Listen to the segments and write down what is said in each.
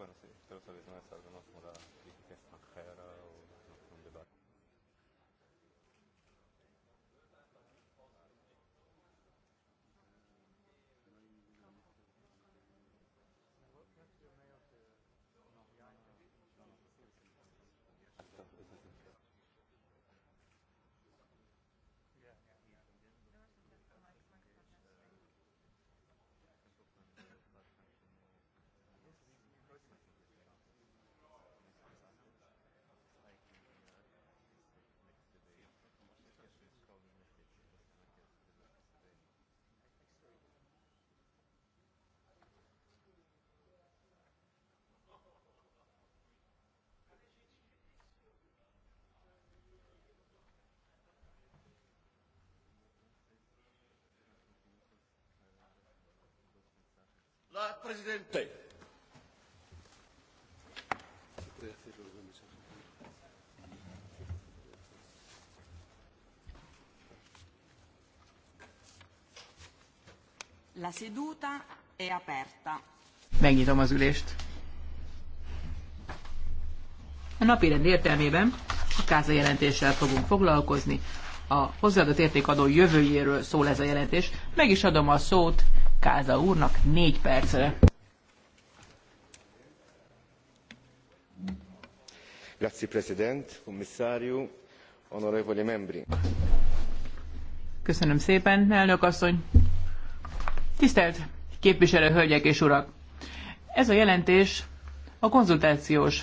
bueno, sí, pero sabes, no es algo no como la crítica extranjera o La Presidente. La seduta è aperta. Megnyitom az ülést. A rend értelmében a káza jelentéssel fogunk foglalkozni. A hozzáadott értékadó jövőjéről szól ez a jelentés. Meg is adom a szót Káza úrnak négy perc. Grazie President, Commissario, Onorevoli Membri. Köszönöm szépen, elnök asszony. Tisztelt képviselő hölgyek és urak! Ez a jelentés a konzultációs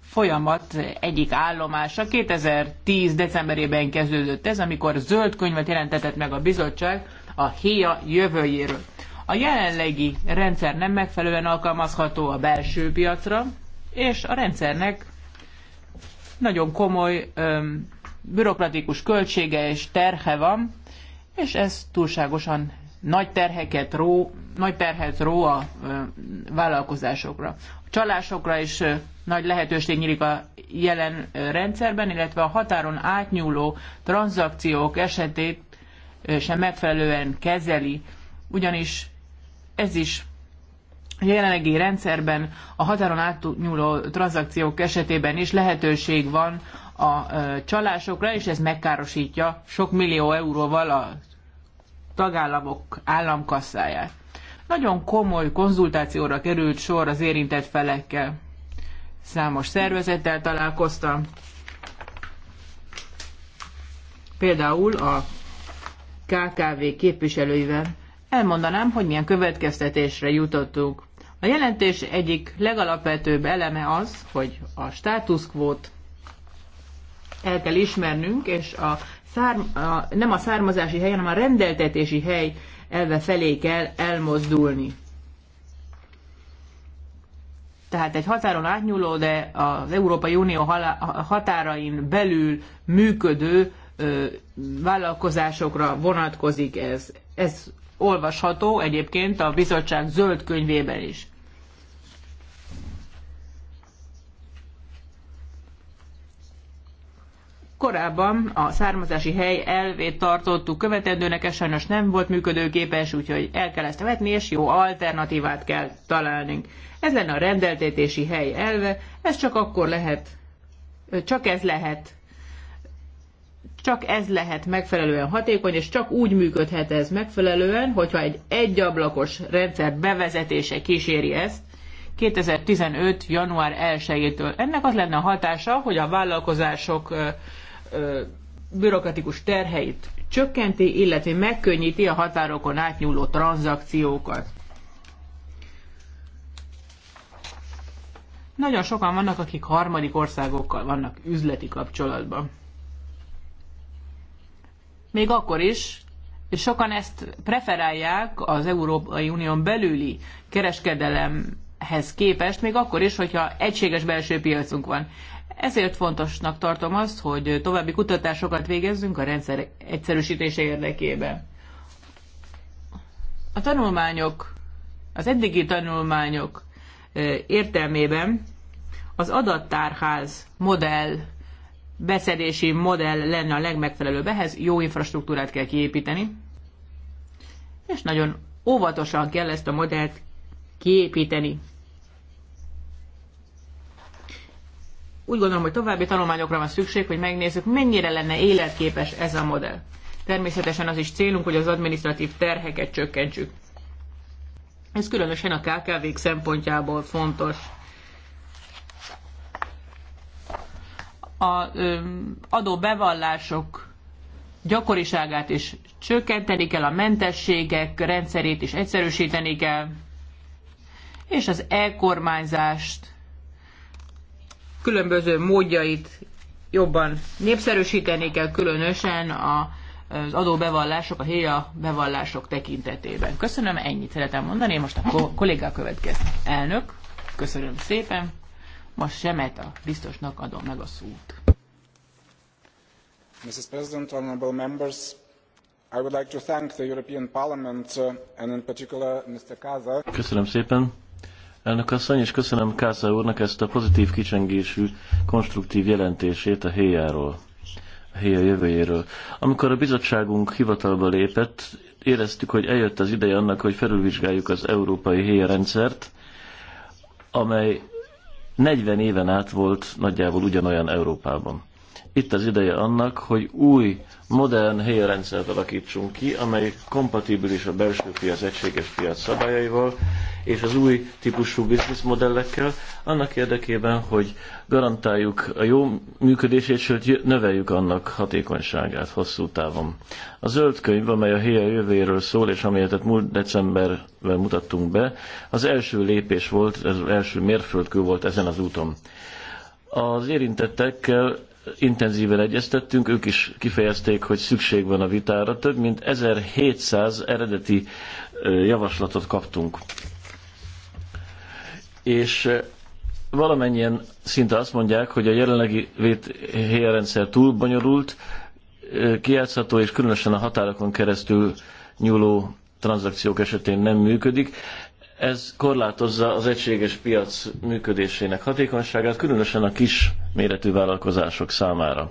folyamat egyik állomása. 2010. decemberében kezdődött ez, amikor zöld könyvet jelentetett meg a bizottság a HIA jövőjéről. A jelenlegi rendszer nem megfelelően alkalmazható a belső piacra, és a rendszernek nagyon komoly öm, bürokratikus költsége és terhe van, és ez túlságosan nagy terheket ró, nagy terhet ró a ö, vállalkozásokra. A csalásokra is ö, nagy lehetőség nyílik a jelen ö, rendszerben, illetve a határon átnyúló tranzakciók esetét sem megfelelően kezeli, ugyanis ez is a jelenlegi rendszerben a határon átnyúló tranzakciók esetében is lehetőség van a csalásokra, és ez megkárosítja sok millió euróval a tagállamok államkasszáját. Nagyon komoly konzultációra került sor az érintett felekkel. Számos szervezettel találkoztam, például a KKV képviselőivel, elmondanám, hogy milyen következtetésre jutottunk. A jelentés egyik legalapvetőbb eleme az, hogy a státuszkvót el kell ismernünk, és a, szárm, a nem a származási hely, hanem a rendeltetési hely elve felé kell elmozdulni. Tehát egy határon átnyúló, de az Európai Unió határain belül működő vállalkozásokra vonatkozik ez. Ez olvasható egyébként a bizottság zöld könyvében is. Korábban a származási hely elvét tartottuk követendőnek, ez sajnos nem volt működőképes, úgyhogy el kell ezt vetni, és jó alternatívát kell találnunk. Ez lenne a rendeltetési hely elve, ez csak akkor lehet, csak ez lehet csak ez lehet megfelelően hatékony, és csak úgy működhet ez megfelelően, hogyha egy egyablakos rendszer bevezetése kíséri ezt, 2015. január 1-től. Ennek az lenne a hatása, hogy a vállalkozások ö, ö, bürokratikus terheit csökkenti, illetve megkönnyíti a határokon átnyúló tranzakciókat. Nagyon sokan vannak, akik harmadik országokkal vannak üzleti kapcsolatban még akkor is, és sokan ezt preferálják az Európai Unión belüli kereskedelemhez képest, még akkor is, hogyha egységes belső piacunk van. Ezért fontosnak tartom azt, hogy további kutatásokat végezzünk a rendszer egyszerűsítése érdekében. A tanulmányok, az eddigi tanulmányok eh, értelmében az adattárház modell beszedési modell lenne a legmegfelelőbb ehhez, jó infrastruktúrát kell kiépíteni, és nagyon óvatosan kell ezt a modellt kiépíteni. Úgy gondolom, hogy további tanulmányokra van szükség, hogy megnézzük, mennyire lenne életképes ez a modell. Természetesen az is célunk, hogy az administratív terheket csökkentsük. Ez különösen a KKV-k szempontjából fontos. a adóbevallások gyakoriságát is csökkenteni kell, a mentességek rendszerét is egyszerűsíteni kell, és az elkormányzást különböző módjait jobban népszerűsíteni kell, különösen a, az adóbevallások, a héja bevallások tekintetében. Köszönöm, ennyit szeretem mondani, most a kollégá következik. Elnök, köszönöm szépen. Most semet a biztosnak adom meg a szót. Mrs. President, honorable members, I would like to thank the European Parliament uh, and in particular Mr. Kaza. Köszönöm szépen. Elnök asszony, és köszönöm Kásza úrnak ezt a pozitív kicsengésű, konstruktív jelentését a héjáról, a héja jövőjéről. Amikor a bizottságunk hivatalba lépett, éreztük, hogy eljött az ideje annak, hogy felülvizsgáljuk az európai héjrendszert, rendszert, amely 40 éven át volt nagyjából ugyanolyan Európában. Itt az ideje annak, hogy új, modern helyrendszert alakítsunk ki, amely kompatibilis a belső piac, egységes piac szabályaival és az új típusú bizniszmodellekkel, annak érdekében, hogy garantáljuk a jó működését, sőt növeljük annak hatékonyságát hosszú távon. A zöld könyv, amely a helye jövőjéről szól, és amelyet múlt decemberben mutattunk be, az első lépés volt, az első mérföldkő volt ezen az úton. Az érintettekkel intenzíven egyeztettünk, ők is kifejezték, hogy szükség van a vitára. Több mint 1700 eredeti javaslatot kaptunk. És valamennyien szinte azt mondják, hogy a jelenlegi VTH-rendszer túl bonyolult, kijátszható és különösen a határokon keresztül nyúló tranzakciók esetén nem működik. Ez korlátozza az egységes piac működésének hatékonyságát, különösen a kis méretű vállalkozások számára.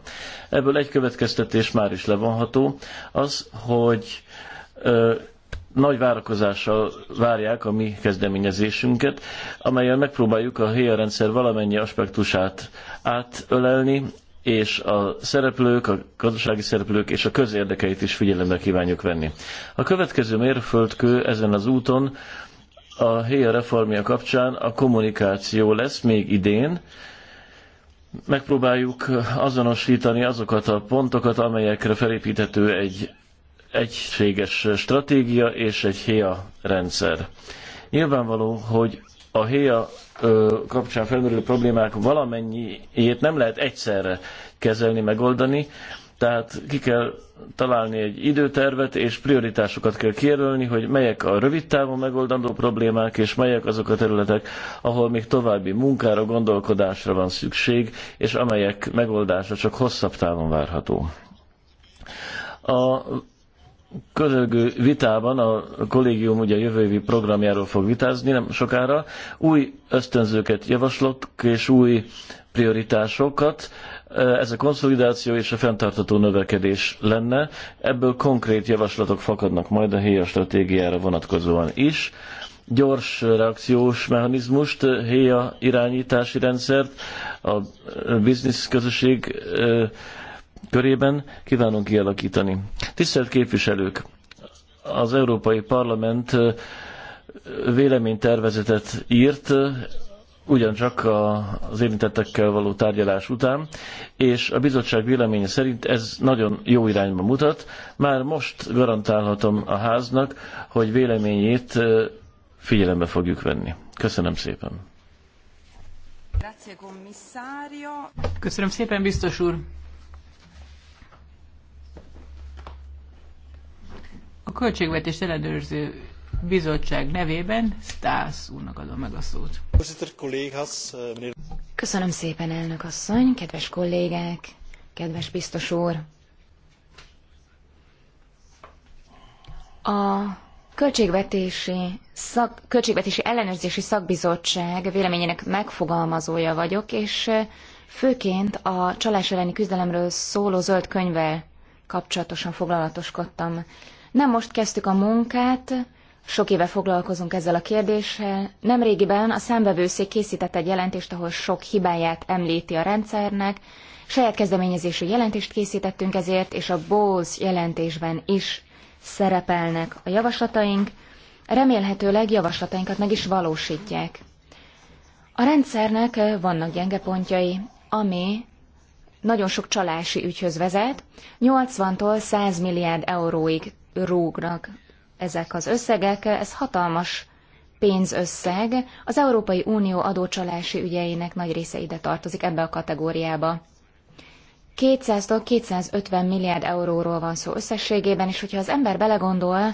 Ebből egy következtetés már is levonható, az, hogy ö, nagy várakozással várják a mi kezdeményezésünket, amelyen megpróbáljuk a helyi rendszer valamennyi aspektusát átölelni, és a szereplők, a gazdasági szereplők és a közérdekeit is figyelembe kívánjuk venni. A következő mérföldkő ezen az úton a helye reformja kapcsán a kommunikáció lesz még idén. Megpróbáljuk azonosítani azokat a pontokat, amelyekre felépíthető egy egységes stratégia és egy hia rendszer. Nyilvánvaló, hogy a hia kapcsán felmerülő problémák valamennyiét nem lehet egyszerre kezelni, megoldani, tehát ki kell találni egy időtervet, és prioritásokat kell kijelölni, hogy melyek a rövid távon megoldandó problémák, és melyek azok a területek, ahol még további munkára, gondolkodásra van szükség, és amelyek megoldása csak hosszabb távon várható. A közölgő vitában, a kollégium ugye a jövő évi programjáról fog vitázni nem sokára, új ösztönzőket javaslok, és új prioritásokat, Eh, ez a konszolidáció és a fenntartató növekedés lenne. Ebből konkrét javaslatok fakadnak majd a héja stratégiára vonatkozóan is. Gyors reakciós mechanizmust, eh, héja irányítási rendszert, a eh, biznisz közösség körében kívánunk kialakítani. Tisztelt képviselők! Az Európai Parlament véleménytervezetet írt ugyancsak az érintettekkel való tárgyalás után, és a bizottság véleménye szerint ez nagyon jó irányba mutat. Már most garantálhatom a háznak, hogy véleményét figyelembe fogjuk venni. Köszönöm szépen. Köszönöm szépen, biztos úr. A Költségvetés Ellenőrző bizottság nevében Stász úrnak adom meg a szót. Köszönöm szépen, elnök asszony, kedves kollégák, kedves biztos úr. A költségvetési, szak, költségvetési ellenőrzési szakbizottság véleményének megfogalmazója vagyok, és főként a csalás elleni küzdelemről szóló zöld könyvvel kapcsolatosan foglalatoskodtam. Nem most kezdtük a munkát, sok éve foglalkozunk ezzel a kérdéssel. Nemrégiben a számbevőszék készített egy jelentést, ahol sok hibáját említi a rendszernek. Saját kezdeményezésű jelentést készítettünk ezért, és a BOZ jelentésben is szerepelnek a javaslataink. Remélhetőleg javaslatainkat meg is valósítják. A rendszernek vannak gyenge pontjai, ami nagyon sok csalási ügyhöz vezet, 80-tól 100 milliárd euróig rúgnak ezek az összegek, ez hatalmas pénzösszeg. Az Európai Unió adócsalási ügyeinek nagy része ide tartozik ebbe a kategóriába. 200-tól 250 milliárd euróról van szó összességében, és hogyha az ember belegondol,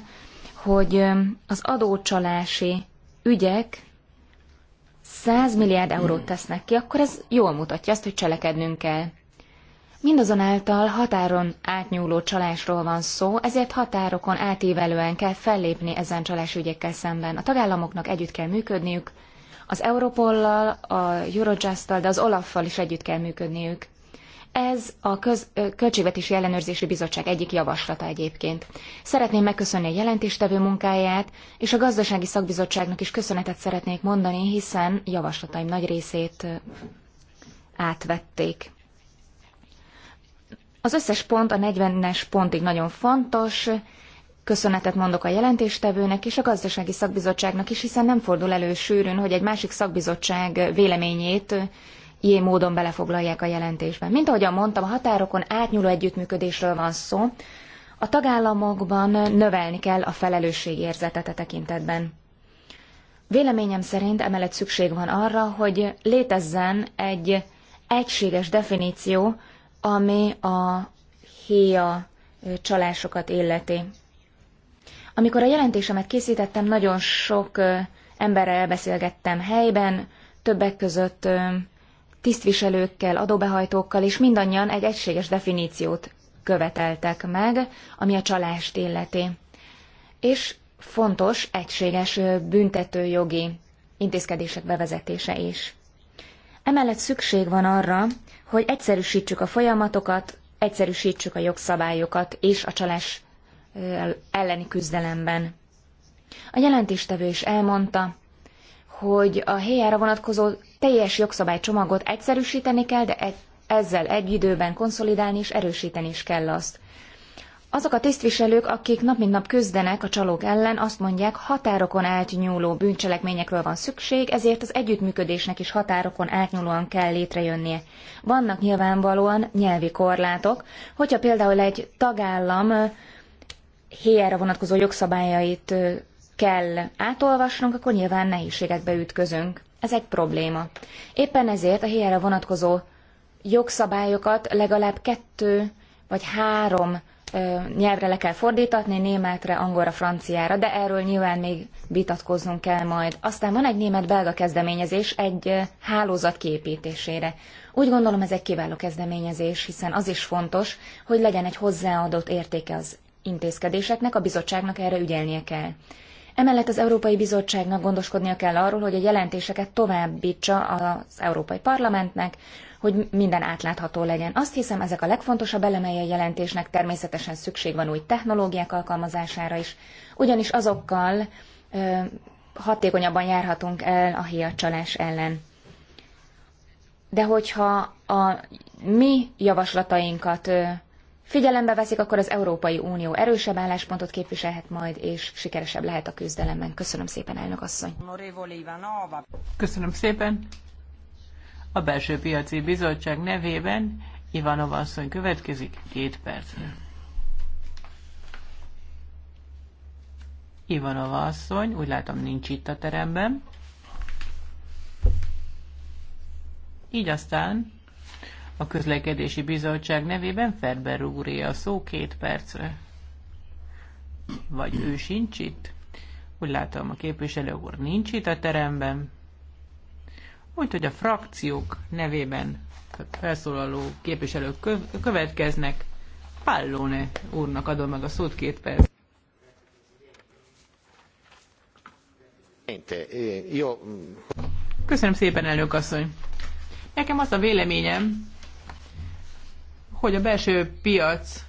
hogy az adócsalási ügyek 100 milliárd eurót tesznek ki, akkor ez jól mutatja azt, hogy cselekednünk kell. Mindazonáltal határon átnyúló csalásról van szó, ezért határokon átívelően kell fellépni ezen csalásügyekkel szemben. A tagállamoknak együtt kell működniük, az Europollal, a Eurojust-tal, de az Olaf-fal is együtt kell működniük. Ez a köz, Költségvetési Ellenőrzési Bizottság egyik javaslata egyébként. Szeretném megköszönni a jelentéstevő munkáját, és a Gazdasági Szakbizottságnak is köszönetet szeretnék mondani, hiszen javaslataim nagy részét átvették. Az összes pont a 40-es pontig nagyon fontos, Köszönetet mondok a jelentéstevőnek és a gazdasági szakbizottságnak is, hiszen nem fordul elő sűrűn, hogy egy másik szakbizottság véleményét ilyen módon belefoglalják a jelentésben. Mint ahogyan mondtam, a határokon átnyúló együttműködésről van szó. A tagállamokban növelni kell a felelősségérzetet a e tekintetben. Véleményem szerint emellett szükség van arra, hogy létezzen egy egységes definíció ami a héja csalásokat illeti. Amikor a jelentésemet készítettem, nagyon sok emberrel beszélgettem helyben, többek között tisztviselőkkel, adóbehajtókkal, és mindannyian egy egységes definíciót követeltek meg, ami a csalást illeti. És fontos, egységes büntetőjogi intézkedések bevezetése is. Emellett szükség van arra, hogy egyszerűsítsük a folyamatokat, egyszerűsítsük a jogszabályokat és a csalás elleni küzdelemben. A jelentéstevő is elmondta, hogy a héjára vonatkozó teljes jogszabálycsomagot egyszerűsíteni kell, de e- ezzel egy időben konszolidálni és erősíteni is kell azt. Azok a tisztviselők, akik nap mint nap küzdenek a csalók ellen, azt mondják, határokon átnyúló bűncselekményekről van szükség, ezért az együttműködésnek is határokon átnyúlóan kell létrejönnie. Vannak nyilvánvalóan nyelvi korlátok, hogyha például egy tagállam héjára vonatkozó jogszabályait kell átolvasnunk, akkor nyilván nehézségekbe ütközünk. Ez egy probléma. Éppen ezért a héjára vonatkozó jogszabályokat legalább kettő vagy három nyelvre le kell fordítatni, németre, angolra, franciára, de erről nyilván még vitatkoznunk kell majd. Aztán van egy német-belga kezdeményezés egy hálózat kiépítésére. Úgy gondolom ez egy kiváló kezdeményezés, hiszen az is fontos, hogy legyen egy hozzáadott értéke az intézkedéseknek, a bizottságnak erre ügyelnie kell. Emellett az Európai Bizottságnak gondoskodnia kell arról, hogy a jelentéseket továbbítsa az Európai Parlamentnek, hogy minden átlátható legyen. Azt hiszem, ezek a legfontosabb elemei a jelentésnek természetesen szükség van új technológiák alkalmazására is, ugyanis azokkal ö, hatékonyabban járhatunk el a hiatcsalás ellen. De hogyha a mi javaslatainkat ö, figyelembe veszik, akkor az Európai Unió erősebb álláspontot képviselhet majd, és sikeresebb lehet a küzdelemben. Köszönöm szépen, elnök asszony. Köszönöm szépen. A Belső Piaci Bizottság nevében Ivanova asszony következik két percre. Ivanova asszony, úgy látom nincs itt a teremben. Így aztán a közlekedési bizottság nevében Ferber úré a szó két percre. Vagy ő sincs itt? Úgy látom, a képviselő úr nincs itt a teremben úgyhogy a frakciók nevében felszólaló képviselők következnek. Pallone úrnak adom meg a szót két perc. Eh, mm, Köszönöm szépen, elnök asszony. Nekem az a véleményem, hogy a belső piac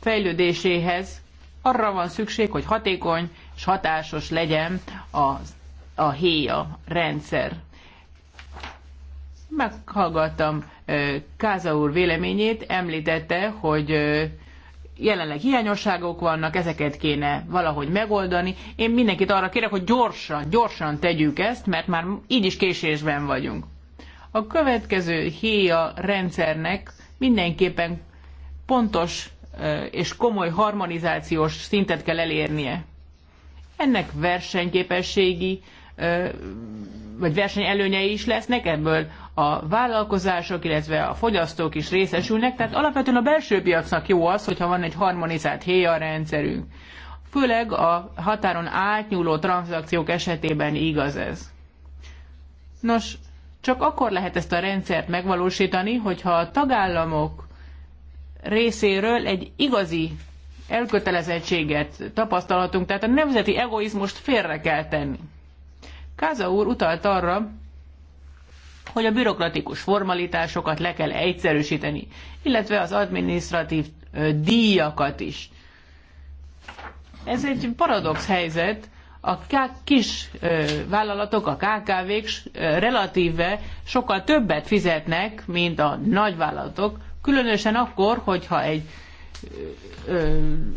fejlődéséhez arra van szükség, hogy hatékony és hatásos legyen a, a héja rendszer meghallgattam Káza úr véleményét, említette, hogy jelenleg hiányosságok vannak, ezeket kéne valahogy megoldani. Én mindenkit arra kérek, hogy gyorsan, gyorsan tegyük ezt, mert már így is késésben vagyunk. A következő héja rendszernek mindenképpen pontos és komoly harmonizációs szintet kell elérnie. Ennek versenyképességi vagy versenyelőnyei is lesznek, ebből a vállalkozások, illetve a fogyasztók is részesülnek, tehát alapvetően a belső piacnak jó az, hogyha van egy harmonizált héja rendszerünk. Főleg a határon átnyúló tranzakciók esetében igaz ez. Nos, csak akkor lehet ezt a rendszert megvalósítani, hogyha a tagállamok részéről egy igazi elkötelezettséget tapasztalhatunk, tehát a nemzeti egoizmust félre kell tenni. Káza úr utalt arra, hogy a bürokratikus formalitásokat le kell egyszerűsíteni, illetve az administratív díjakat is. Ez egy paradox helyzet, a kis vállalatok, a KKV-k relatíve sokkal többet fizetnek, mint a nagyvállalatok, különösen akkor, hogyha egy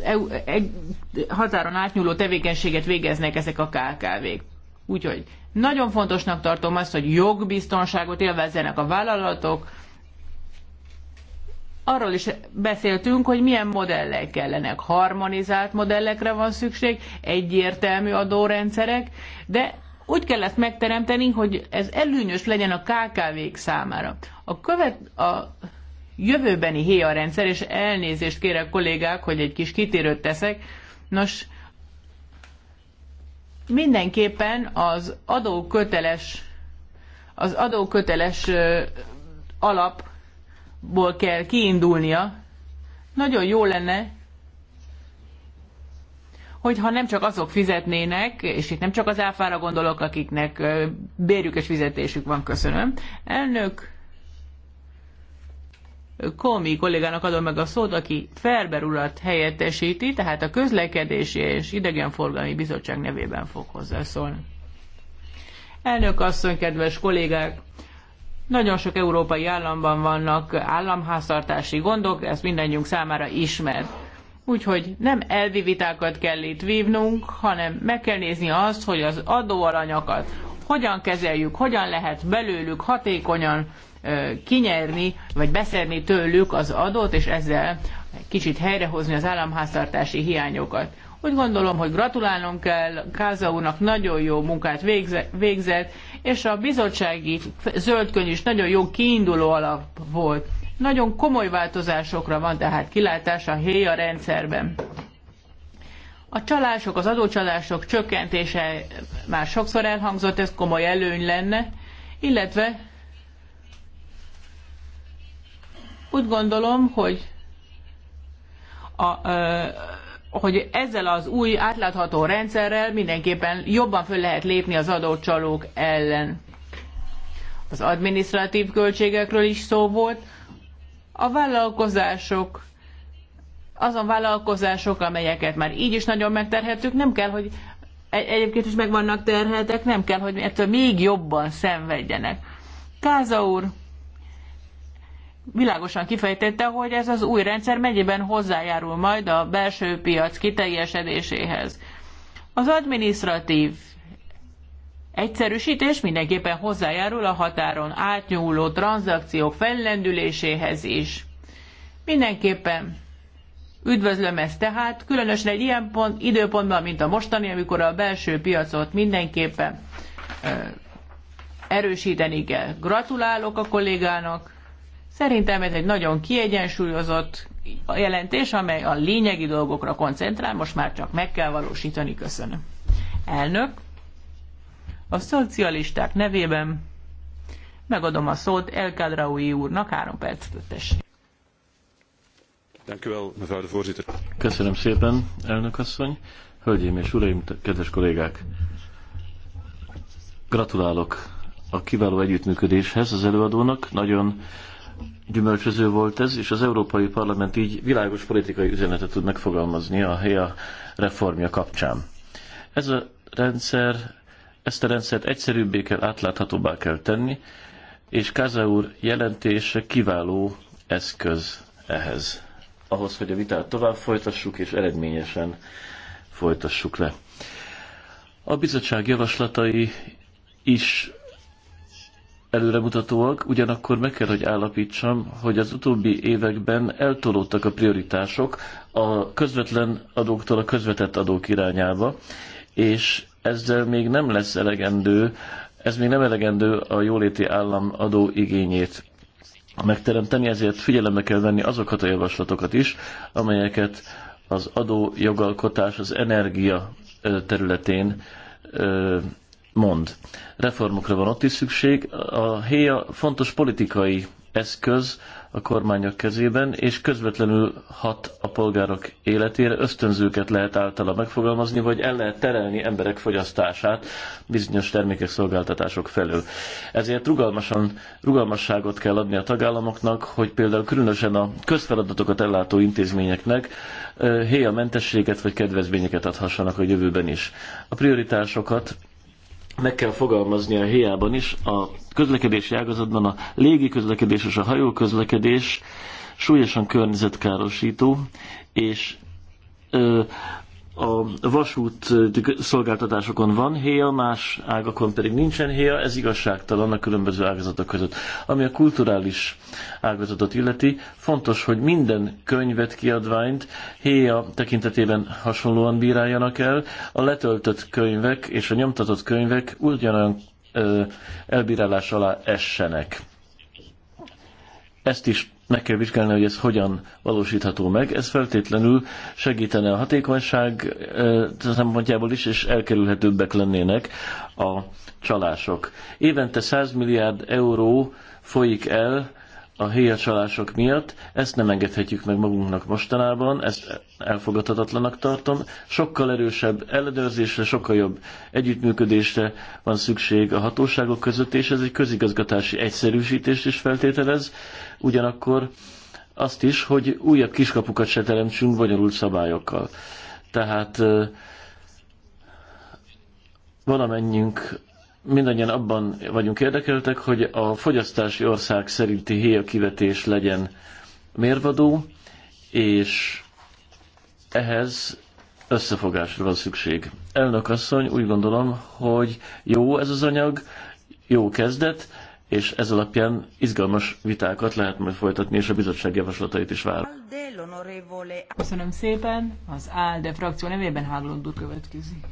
e- e- határon átnyúló tevékenységet végeznek ezek a KKV-k. Úgyhogy nagyon fontosnak tartom azt, hogy jogbiztonságot élvezzenek a vállalatok. Arról is beszéltünk, hogy milyen modellek kellenek. Harmonizált modellekre van szükség, egyértelmű adórendszerek, de úgy kell ezt megteremteni, hogy ez előnyös legyen a KKV-k számára. A, követ, a jövőbeni héja rendszer, és elnézést kérek kollégák, hogy egy kis kitérőt teszek, nos, mindenképpen az adóköteles az adóköteles alapból kell kiindulnia. Nagyon jó lenne, hogyha nem csak azok fizetnének, és itt nem csak az áfára gondolok, akiknek bérjük és fizetésük van, köszönöm. Elnök, Komi kollégának adom meg a szót, aki Ferber urat helyettesíti, tehát a közlekedési és idegenforgalmi bizottság nevében fog hozzászólni. Elnök asszony, kedves kollégák! Nagyon sok európai államban vannak államháztartási gondok, ez mindannyiunk számára ismert. Úgyhogy nem elvi vitákat kell itt vívnunk, hanem meg kell nézni azt, hogy az adóaranyakat hogyan kezeljük, hogyan lehet belőlük hatékonyan kinyerni, vagy beszerni tőlük az adót, és ezzel kicsit helyrehozni az államháztartási hiányokat. Úgy gondolom, hogy gratulálnom kell, Káza úrnak nagyon jó munkát végzett, és a bizottsági zöldkönyv is nagyon jó kiinduló alap volt. Nagyon komoly változásokra van tehát kilátás a héja rendszerben. A csalások, az adócsalások csökkentése már sokszor elhangzott, ez komoly előny lenne, illetve Úgy gondolom, hogy a, hogy ezzel az új átlátható rendszerrel mindenképpen jobban föl lehet lépni az adócsalók ellen. Az administratív költségekről is szó volt. A vállalkozások, azon vállalkozások, amelyeket már így is nagyon megterheltük, nem kell, hogy egyébként is meg vannak terheltek, nem kell, hogy ettől még jobban szenvedjenek. Káza úr, világosan kifejtette, hogy ez az új rendszer mennyiben hozzájárul majd a belső piac kiteljesedéséhez. Az administratív egyszerűsítés mindenképpen hozzájárul a határon átnyúló tranzakciók fellendüléséhez is. Mindenképpen üdvözlöm ezt tehát, különösen egy ilyen pont, időpontban, mint a mostani, amikor a belső piacot mindenképpen ö, erősíteni kell. Gratulálok a kollégának, Szerintem ez egy nagyon kiegyensúlyozott jelentés, amely a lényegi dolgokra koncentrál, most már csak meg kell valósítani. Köszönöm. Elnök, a szocialisták nevében megadom a szót El Kadraui úrnak, három percet tessék. Köszönöm szépen, elnök asszony. Hölgyeim és uraim, kedves kollégák! Gratulálok a kiváló együttműködéshez az előadónak. Nagyon gyümölcsöző volt ez, és az Európai Parlament így világos politikai üzenetet tud megfogalmazni a helye reformja kapcsán. Ez a rendszer, ezt a rendszert egyszerűbbé kell, átláthatóbbá kell tenni, és Káza úr jelentése kiváló eszköz ehhez, ahhoz, hogy a vitát tovább folytassuk, és eredményesen folytassuk le. A bizottság javaslatai is előremutatóak, ugyanakkor meg kell, hogy állapítsam, hogy az utóbbi években eltolódtak a prioritások a közvetlen adóktól a közvetett adók irányába, és ezzel még nem lesz elegendő, ez még nem elegendő a jóléti állam adó igényét megteremteni, ezért figyelembe kell venni azokat a javaslatokat is, amelyeket az adó jogalkotás az energia területén mond. Reformokra van ott is szükség. A héja fontos politikai eszköz a kormányok kezében, és közvetlenül hat a polgárok életére. Ösztönzőket lehet általa megfogalmazni, vagy el lehet terelni emberek fogyasztását bizonyos termékek, szolgáltatások felől. Ezért rugalmasan, rugalmasságot kell adni a tagállamoknak, hogy például különösen a közfeladatokat ellátó intézményeknek héja mentességet vagy kedvezményeket adhassanak a jövőben is. A prioritásokat meg kell fogalmazni a hiában is, a közlekedési ágazatban a légi közlekedés és a hajó közlekedés súlyosan környezetkárosító, és ö, a vasút szolgáltatásokon van héja, más ágakon pedig nincsen héja, ez igazságtalan a különböző ágazatok között. Ami a kulturális ágazatot illeti, fontos, hogy minden könyvet, kiadványt héja tekintetében hasonlóan bíráljanak el, a letöltött könyvek és a nyomtatott könyvek ugyanolyan elbírálás alá essenek. Ezt is meg kell vizsgálni, hogy ez hogyan valósítható meg. Ez feltétlenül segítene a hatékonyság szempontjából is, és elkerülhetőbbek lennének a csalások. Évente 100 milliárd euró folyik el a héjacsalások miatt. Ezt nem engedhetjük meg magunknak mostanában, ezt elfogadhatatlanak tartom. Sokkal erősebb ellenőrzésre, sokkal jobb együttműködésre van szükség a hatóságok között, és ez egy közigazgatási egyszerűsítést is feltételez. Ugyanakkor azt is, hogy újabb kiskapukat se teremtsünk bonyolult szabályokkal. Tehát valamennyünk mindannyian abban vagyunk érdekeltek, hogy a fogyasztási ország szerinti héjakivetés legyen mérvadó, és ehhez összefogásra van szükség. Elnök asszony, úgy gondolom, hogy jó ez az anyag, jó kezdet, és ez alapján izgalmas vitákat lehet majd folytatni, és a bizottság javaslatait is vár. Köszönöm szépen, az ALDE frakció nevében Háglund úr következik.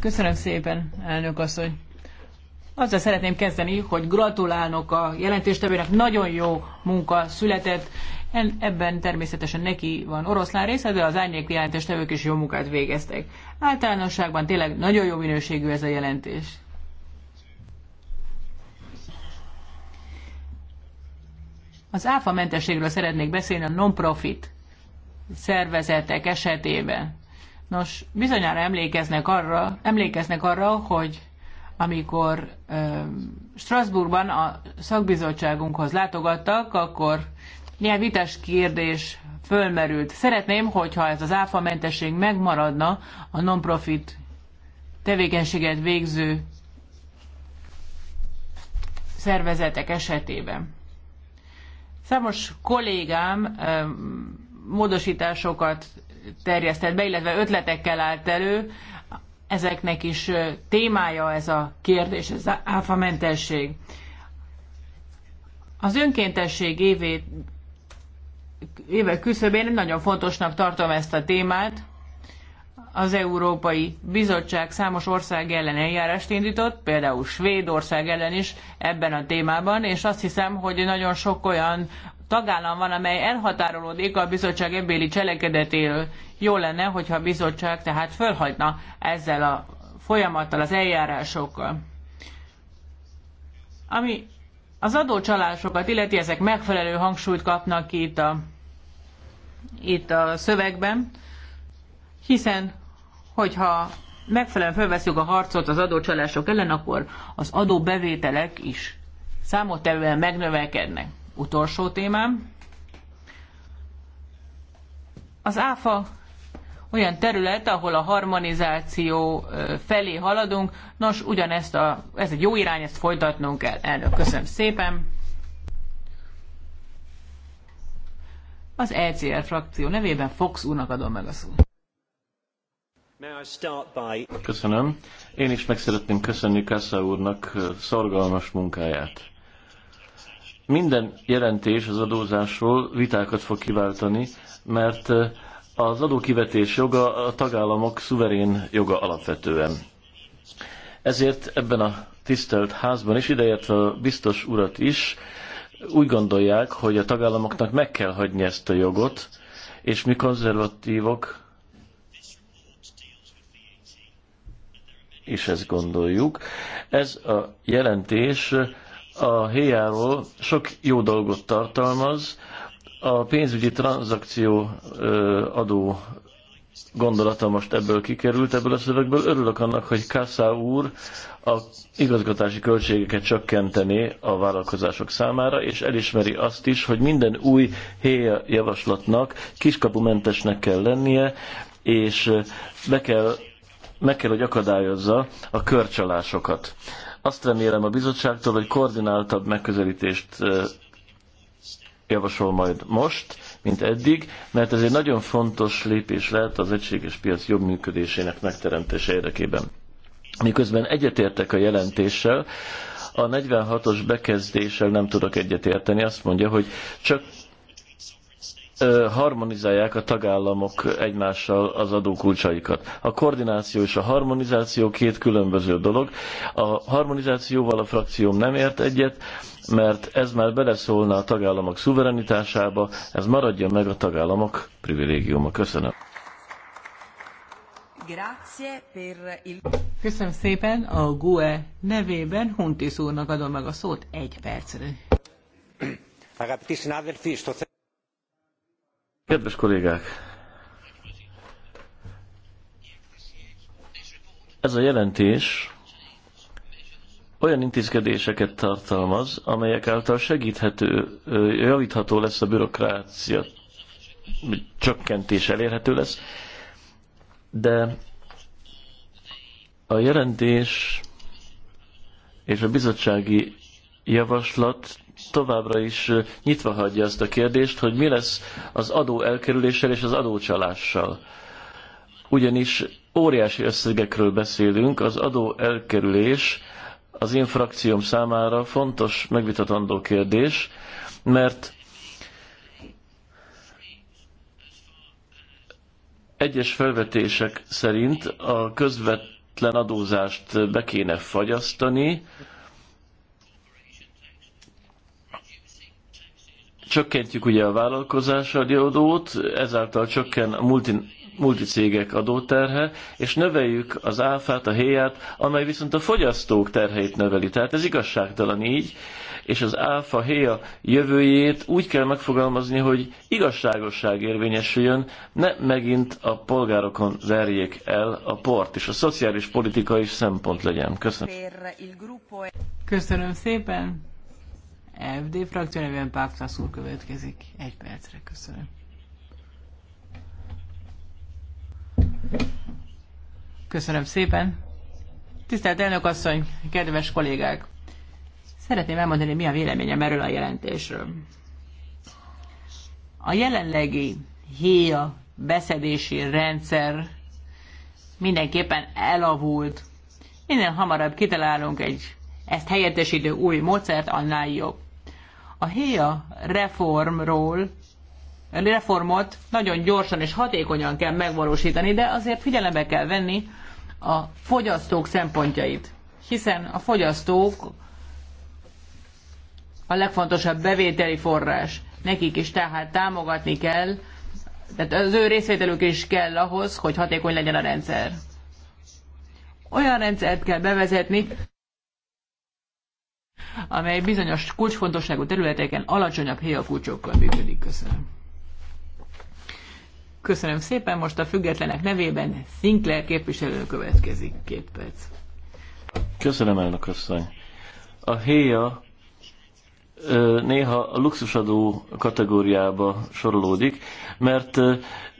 Köszönöm szépen, elnök asszony. Azzal szeretném kezdeni, hogy gratulálok a jelentéstevőnek, nagyon jó munka született. Ebben természetesen neki van oroszlán része, de az árnyék jelentéstevők is jó munkát végeztek. Általánosságban tényleg nagyon jó minőségű ez a jelentés. Az áfa mentességről szeretnék beszélni, a non-profit szervezetek esetében. Nos, bizonyára emlékeznek arra, emlékeznek arra hogy amikor ö, Strasbourgban a szakbizottságunkhoz látogattak, akkor milyen vitás kérdés fölmerült. Szeretném, hogyha ez az áfa mentesség megmaradna a non-profit tevékenységet végző szervezetek esetében. Számos kollégám ö, módosításokat terjesztett be, illetve ötletekkel állt elő. Ezeknek is témája ez a kérdés, ez az áfamentesség. Az önkéntesség évét, évek küszöbén nagyon fontosnak tartom ezt a témát. Az Európai Bizottság számos ország ellen eljárást indított, például Svédország ellen is ebben a témában, és azt hiszem, hogy nagyon sok olyan tagállam van, amely elhatárolódik a bizottság ebbéli cselekedetéről. Jó lenne, hogyha a bizottság tehát fölhagyna ezzel a folyamattal, az eljárásokkal. Ami az adócsalásokat illeti, ezek megfelelő hangsúlyt kapnak itt a, itt a szövegben, hiszen hogyha megfelelően felveszünk a harcot az adócsalások ellen, akkor az adóbevételek is számottevően megnövekednek. Utolsó témám. Az áfa olyan terület, ahol a harmonizáció felé haladunk. Nos, ugyanezt a, ez egy jó irány, ezt folytatnunk kell. Elnök, köszönöm szépen. Az ECR frakció nevében Fox úrnak adom meg a szót. Köszönöm. Én is meg szeretném köszönni Kassa úrnak szorgalmas munkáját. Minden jelentés az adózásról vitákat fog kiváltani, mert eh, az adókivetés joga a tagállamok szuverén joga alapvetően. Ezért ebben a tisztelt házban, és ideértve a biztos urat is, úgy gondolják, hogy a tagállamoknak meg kell hagyni ezt a jogot, és mi konzervatívok is ezt gondoljuk. Ez a jelentés a héjáról sok jó dolgot tartalmaz, a pénzügyi tranzakció adó gondolata most ebből kikerült, ebből a szövegből. Örülök annak, hogy Kassa úr a igazgatási költségeket csökkenteni a vállalkozások számára, és elismeri azt is, hogy minden új héja javaslatnak kiskapumentesnek kell lennie, és be kell, meg kell, hogy akadályozza a körcsalásokat. Azt remélem a bizottságtól, hogy koordináltabb megközelítést javasol majd most, mint eddig, mert ez egy nagyon fontos lépés lehet az egységes piac jobb működésének megteremtése érdekében. Miközben egyetértek a jelentéssel, a 46-os bekezdéssel nem tudok egyetérteni. Azt mondja, hogy csak harmonizálják a tagállamok egymással az adókulcsaikat. A koordináció és a harmonizáció két különböző dolog. A harmonizációval a frakcióm nem ért egyet, mert ez már beleszólna a tagállamok szuverenitásába, ez maradja meg a tagállamok privilégiuma. Köszönöm. Köszönöm szépen a GUE nevében Huntis úrnak adom meg a szót egy percre. Kedves kollégák! Ez a jelentés olyan intézkedéseket tartalmaz, amelyek által segíthető, javítható lesz a bürokrácia, csökkentés elérhető lesz, de a jelentés és a bizottsági javaslat továbbra is nyitva hagyja azt a kérdést, hogy mi lesz az adó elkerüléssel és az adócsalással. Ugyanis óriási összegekről beszélünk, az adó elkerülés az én frakcióm számára fontos, megvitatandó kérdés, mert egyes felvetések szerint a közvetlen adózást be kéne fagyasztani, csökkentjük ugye a vállalkozás adót, ezáltal csökken a multi, multicégek adóterhe, és növeljük az áfát, a héját, amely viszont a fogyasztók terheit növeli. Tehát ez igazságtalan így, és az áfa, héja jövőjét úgy kell megfogalmazni, hogy igazságosság érvényesüljön, ne megint a polgárokon verjék el a port, és a szociális politika is szempont legyen. Köszönöm. Köszönöm szépen. FD frakció nevében Páktász úr következik. Egy percre, köszönöm. Köszönöm szépen. Tisztelt elnök asszony, kedves kollégák! Szeretném elmondani, mi a véleményem erről a jelentésről. A jelenlegi héja beszedési rendszer mindenképpen elavult. Minden hamarabb kitalálunk egy ezt helyettesítő új módszert, annál jobb. A héja reformról reformot nagyon gyorsan és hatékonyan kell megvalósítani, de azért figyelembe kell venni a fogyasztók szempontjait. Hiszen a fogyasztók a legfontosabb bevételi forrás. Nekik is tehát támogatni kell, tehát az ő részvételük is kell ahhoz, hogy hatékony legyen a rendszer. Olyan rendszert kell bevezetni, amely bizonyos kulcsfontosságú területeken alacsonyabb héjakulcsokkal működik. Köszönöm. Köszönöm szépen, most a függetlenek nevében Sinclair képviselő következik. Két perc. Köszönöm, elnök asszony. A héja néha a luxusadó kategóriába sorolódik, mert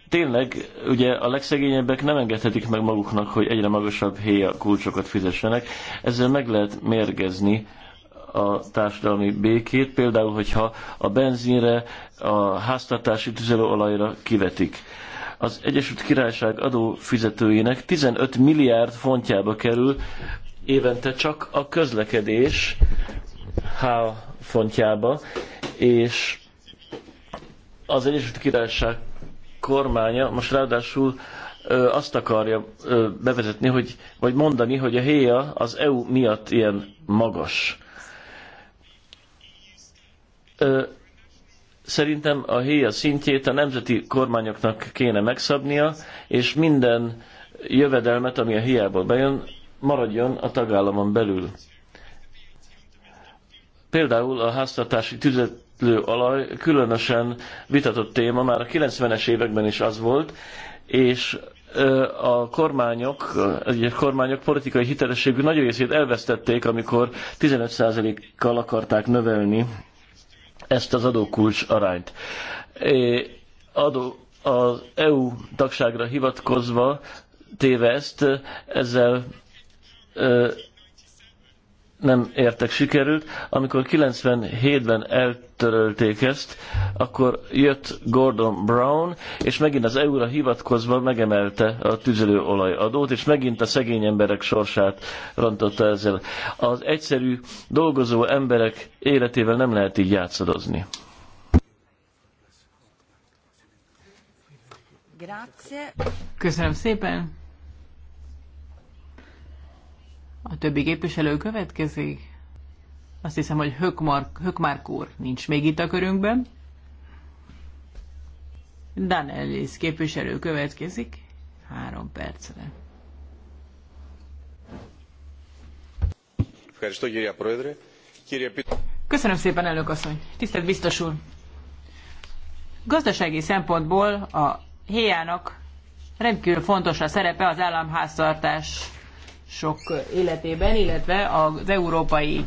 tényleg ugye a legszegényebbek nem engedhetik meg maguknak, hogy egyre magasabb héja kulcsokat fizessenek, ezzel meg lehet mérgezni a társadalmi békét, például, hogyha a benzinre, a háztartási tüzelőolajra kivetik. Az Egyesült Királyság adófizetőinek 15 milliárd fontjába kerül évente csak a közlekedés H fontjába, és az Egyesült Királyság kormánya most ráadásul ö, azt akarja ö, bevezetni, hogy, vagy mondani, hogy a héja az EU miatt ilyen magas. Szerintem a héja szintjét a nemzeti kormányoknak kéne megszabnia, és minden jövedelmet, ami a hiából bejön, maradjon a tagállamon belül. Például a háztartási tüzetlő alaj különösen vitatott téma, már a 90-es években is az volt, és a kormányok, a kormányok politikai hitelességű nagy részét elvesztették, amikor 15%-kal akarták növelni ezt az adókulcs arányt. Adó, az EU tagságra hivatkozva téve ezt, ezzel nem értek sikerült. Amikor 97-ben eltörölték ezt, akkor jött Gordon Brown, és megint az EU-ra hivatkozva megemelte a tüzelőolajadót, és megint a szegény emberek sorsát rontotta ezzel. Az egyszerű dolgozó emberek életével nem lehet így játszadozni. Köszönöm szépen! A többi képviselő következik. Azt hiszem, hogy Hökmark, úr nincs még itt a körünkben. Dan Ellis képviselő következik. Három percre. Köszönöm szépen, elnök asszony. Tisztelt biztos úr! Gazdasági szempontból a héjának rendkívül fontos a szerepe az államháztartás sok életében, illetve az európai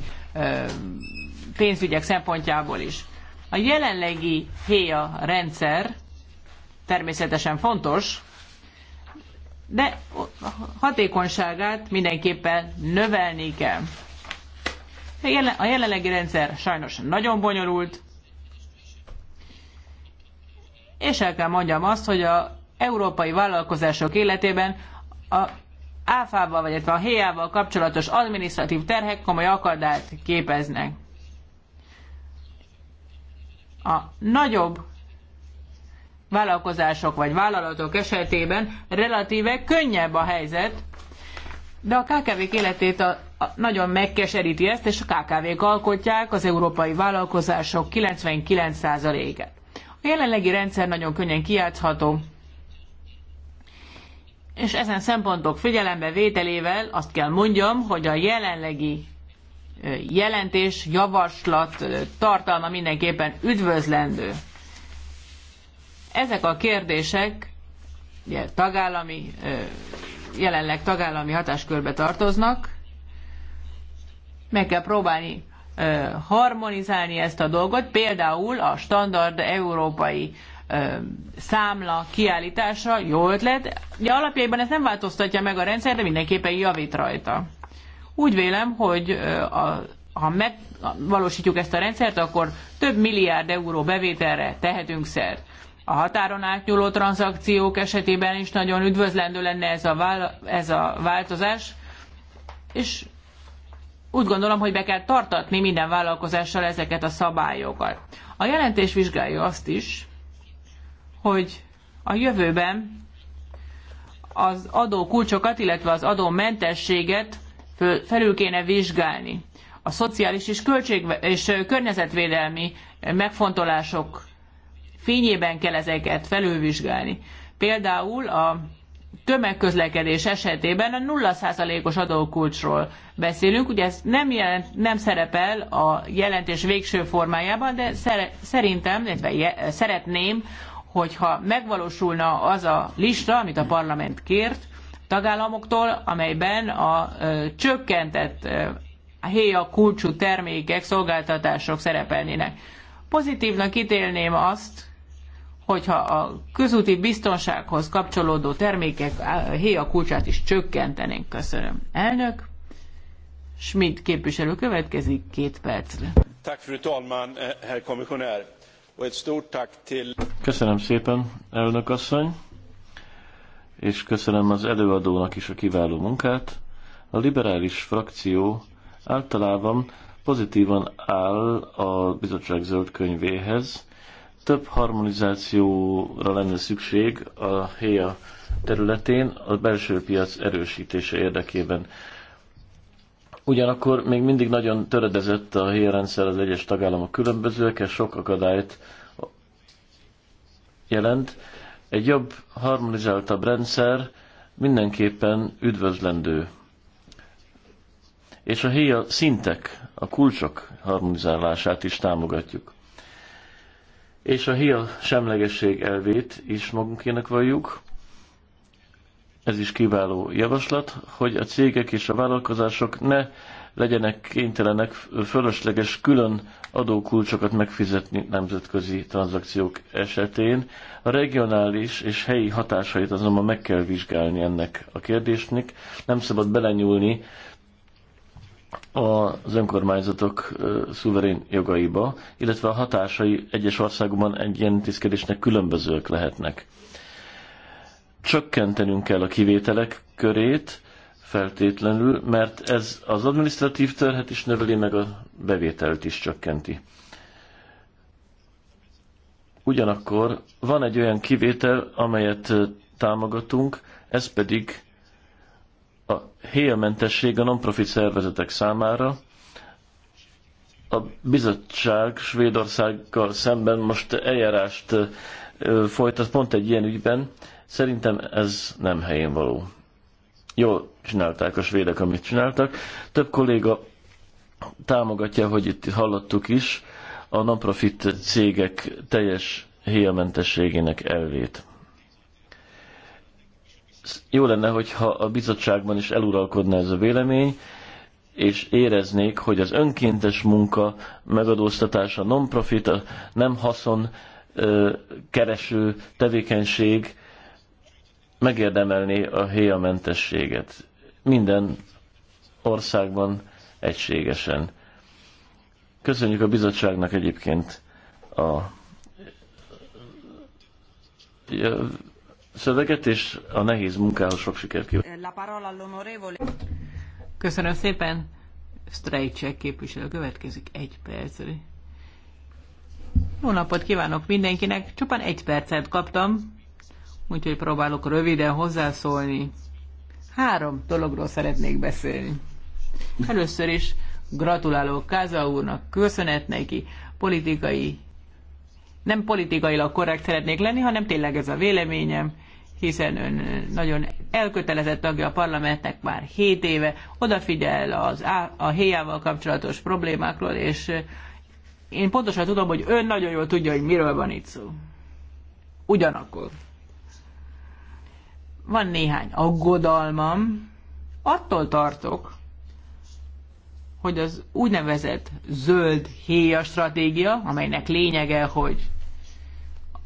pénzügyek szempontjából is. A jelenlegi héja rendszer természetesen fontos, de hatékonyságát mindenképpen növelni kell. A jelenlegi rendszer sajnos nagyon bonyolult, és el kell mondjam azt, hogy a európai vállalkozások életében a áfával, vagy a héjával kapcsolatos administratív terhek komoly akadályt képeznek. A nagyobb vállalkozások vagy vállalatok esetében relatíve könnyebb a helyzet, de a KKV-k életét a, a, nagyon megkeseríti ezt, és a KKV-k alkotják az európai vállalkozások 99%-et. A jelenlegi rendszer nagyon könnyen kiátszható, és ezen szempontok figyelembe vételével azt kell mondjam, hogy a jelenlegi jelentés, javaslat tartalma mindenképpen üdvözlendő. Ezek a kérdések ugye, tagállami, jelenleg tagállami hatáskörbe tartoznak. Meg kell próbálni harmonizálni ezt a dolgot, például a standard európai számla kiállítása jó ötlet, de alapjában ez nem változtatja meg a rendszer, de mindenképpen javít rajta. Úgy vélem, hogy a, ha megvalósítjuk ezt a rendszert, akkor több milliárd euró bevételre tehetünk szert. A határon átnyúló tranzakciók esetében is nagyon üdvözlendő lenne ez a, vála, ez a változás, és úgy gondolom, hogy be kell tartatni minden vállalkozással ezeket a szabályokat. A jelentés vizsgálja azt is, hogy a jövőben az adó kulcsokat, illetve az mentességet felül kéne vizsgálni. A szociális és, költség és környezetvédelmi megfontolások fényében kell ezeket felülvizsgálni. Például a tömegközlekedés esetében a 0%-os adókulcsról beszélünk. Ugye ez nem, jelent, nem szerepel a jelentés végső formájában, de szere, szerintem, illetve je, szeretném, hogyha megvalósulna az a lista, amit a parlament kért tagállamoktól, amelyben a csökkentett héja kulcsú termékek, szolgáltatások szerepelnének. Pozitívnak ítélném azt, hogyha a közúti biztonsághoz kapcsolódó termékek héja kulcsát is csökkentenénk. Köszönöm. Elnök, Schmidt képviselő következik két percre. fru talman, eh, herr kommissionär. Köszönöm szépen, elnök asszony, és köszönöm az előadónak is a kiváló munkát. A liberális frakció általában pozitívan áll a bizottság zöld könyvéhez. Több harmonizációra lenne szükség a héja területén a belső piac erősítése érdekében. Ugyanakkor még mindig nagyon töredezett a hírrendszer az egyes tagállamok különbözőek, ez sok akadályt jelent. Egy jobb, harmonizáltabb rendszer mindenképpen üdvözlendő. És a héja szintek, a kulcsok harmonizálását is támogatjuk. És a héja semlegesség elvét is magunkének valljuk, ez is kiváló javaslat, hogy a cégek és a vállalkozások ne legyenek kénytelenek fölösleges külön adókulcsokat megfizetni nemzetközi tranzakciók esetén. A regionális és helyi hatásait azonban meg kell vizsgálni ennek a kérdésnek. Nem szabad belenyúlni az önkormányzatok szuverén jogaiba, illetve a hatásai egyes országokban egy ilyen intézkedésnek különbözők lehetnek csökkentenünk kell a kivételek körét, feltétlenül, mert ez az administratív terhet is növeli, meg a bevételt is csökkenti. Ugyanakkor van egy olyan kivétel, amelyet támogatunk, ez pedig a héjamentesség a non-profit szervezetek számára. A bizottság Svédországgal szemben most eljárást folytat pont egy ilyen ügyben, Szerintem ez nem helyén való. Jól csinálták a svédek, amit csináltak. Több kolléga támogatja, hogy itt hallottuk is, a non-profit cégek teljes héjamentességének elvét. Jó lenne, hogyha a bizottságban is eluralkodna ez a vélemény, és éreznék, hogy az önkéntes munka megadóztatása, non-profit, nem haszon kereső tevékenység megérdemelni a héjamentességet. mentességet. Minden országban egységesen. Köszönjük a bizottságnak egyébként a szöveget, és a nehéz munkához sok sikert kívánok. Köszönöm szépen. Strejcsek képviselő következik egy percre. Jó napot kívánok mindenkinek. Csupán egy percet kaptam, úgyhogy próbálok röviden hozzászólni. Három dologról szeretnék beszélni. Először is gratulálok Káza úrnak, köszönet neki, politikai, nem politikailag korrekt szeretnék lenni, hanem tényleg ez a véleményem, hiszen ön nagyon elkötelezett tagja a parlamentnek már 7 éve, odafigyel az, a héjával kapcsolatos problémákról, és én pontosan tudom, hogy ön nagyon jól tudja, hogy miről van itt szó. Ugyanakkor van néhány aggodalmam. Attól tartok, hogy az úgynevezett zöld héja stratégia, amelynek lényege, hogy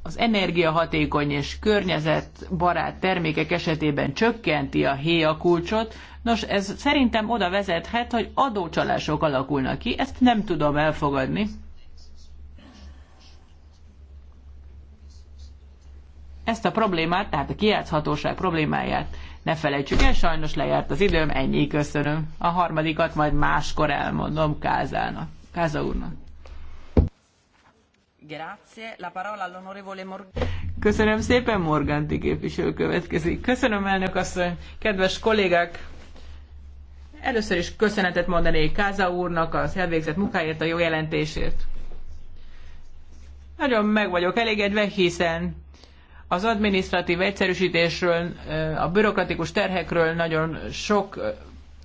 az energiahatékony és környezetbarát termékek esetében csökkenti a héja kulcsot, nos ez szerintem oda vezethet, hogy adócsalások alakulnak ki, ezt nem tudom elfogadni. ezt a problémát, tehát a kiátszhatóság problémáját ne felejtsük el, sajnos lejárt az időm, ennyi, köszönöm. A harmadikat majd máskor elmondom Kázának. Káza úrnak. Grazie. La parola all'onorevole Morgan. Köszönöm szépen, Morganti képviselő következik. Köszönöm, elnök asszony, kedves kollégák! Először is köszönetet mondanék Káza úrnak az elvégzett munkáért, a jó jelentésért. Nagyon meg vagyok elégedve, hiszen az administratív egyszerűsítésről, a bürokratikus terhekről nagyon sok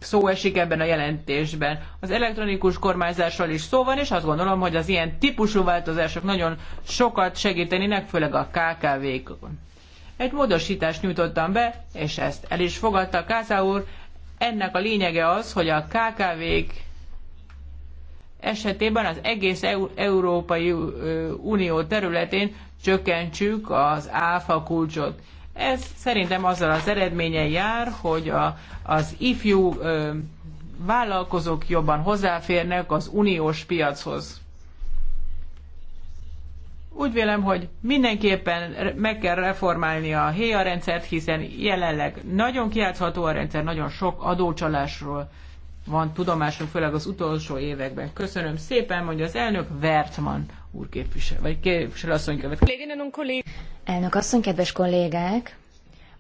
szó esik ebben a jelentésben. Az elektronikus kormányzásról is szó van, és azt gondolom, hogy az ilyen típusú változások nagyon sokat segítenének, főleg a KKV-kon. Egy módosítást nyújtottam be, és ezt el is fogadta Káza úr. Ennek a lényege az, hogy a KKV-k esetében az egész Európai Unió területén csökkentsük az áfa kulcsot. Ez szerintem azzal az eredménye jár, hogy a, az ifjú ö, vállalkozók jobban hozzáférnek az uniós piachoz. Úgy vélem, hogy mindenképpen meg kell reformálni a héja rendszert, hiszen jelenleg nagyon kiátszható a rendszer, nagyon sok adócsalásról van tudomásunk, főleg az utolsó években. Köszönöm szépen, mondja az elnök Vertman úr vagy Elnök asszony, kedves kollégák!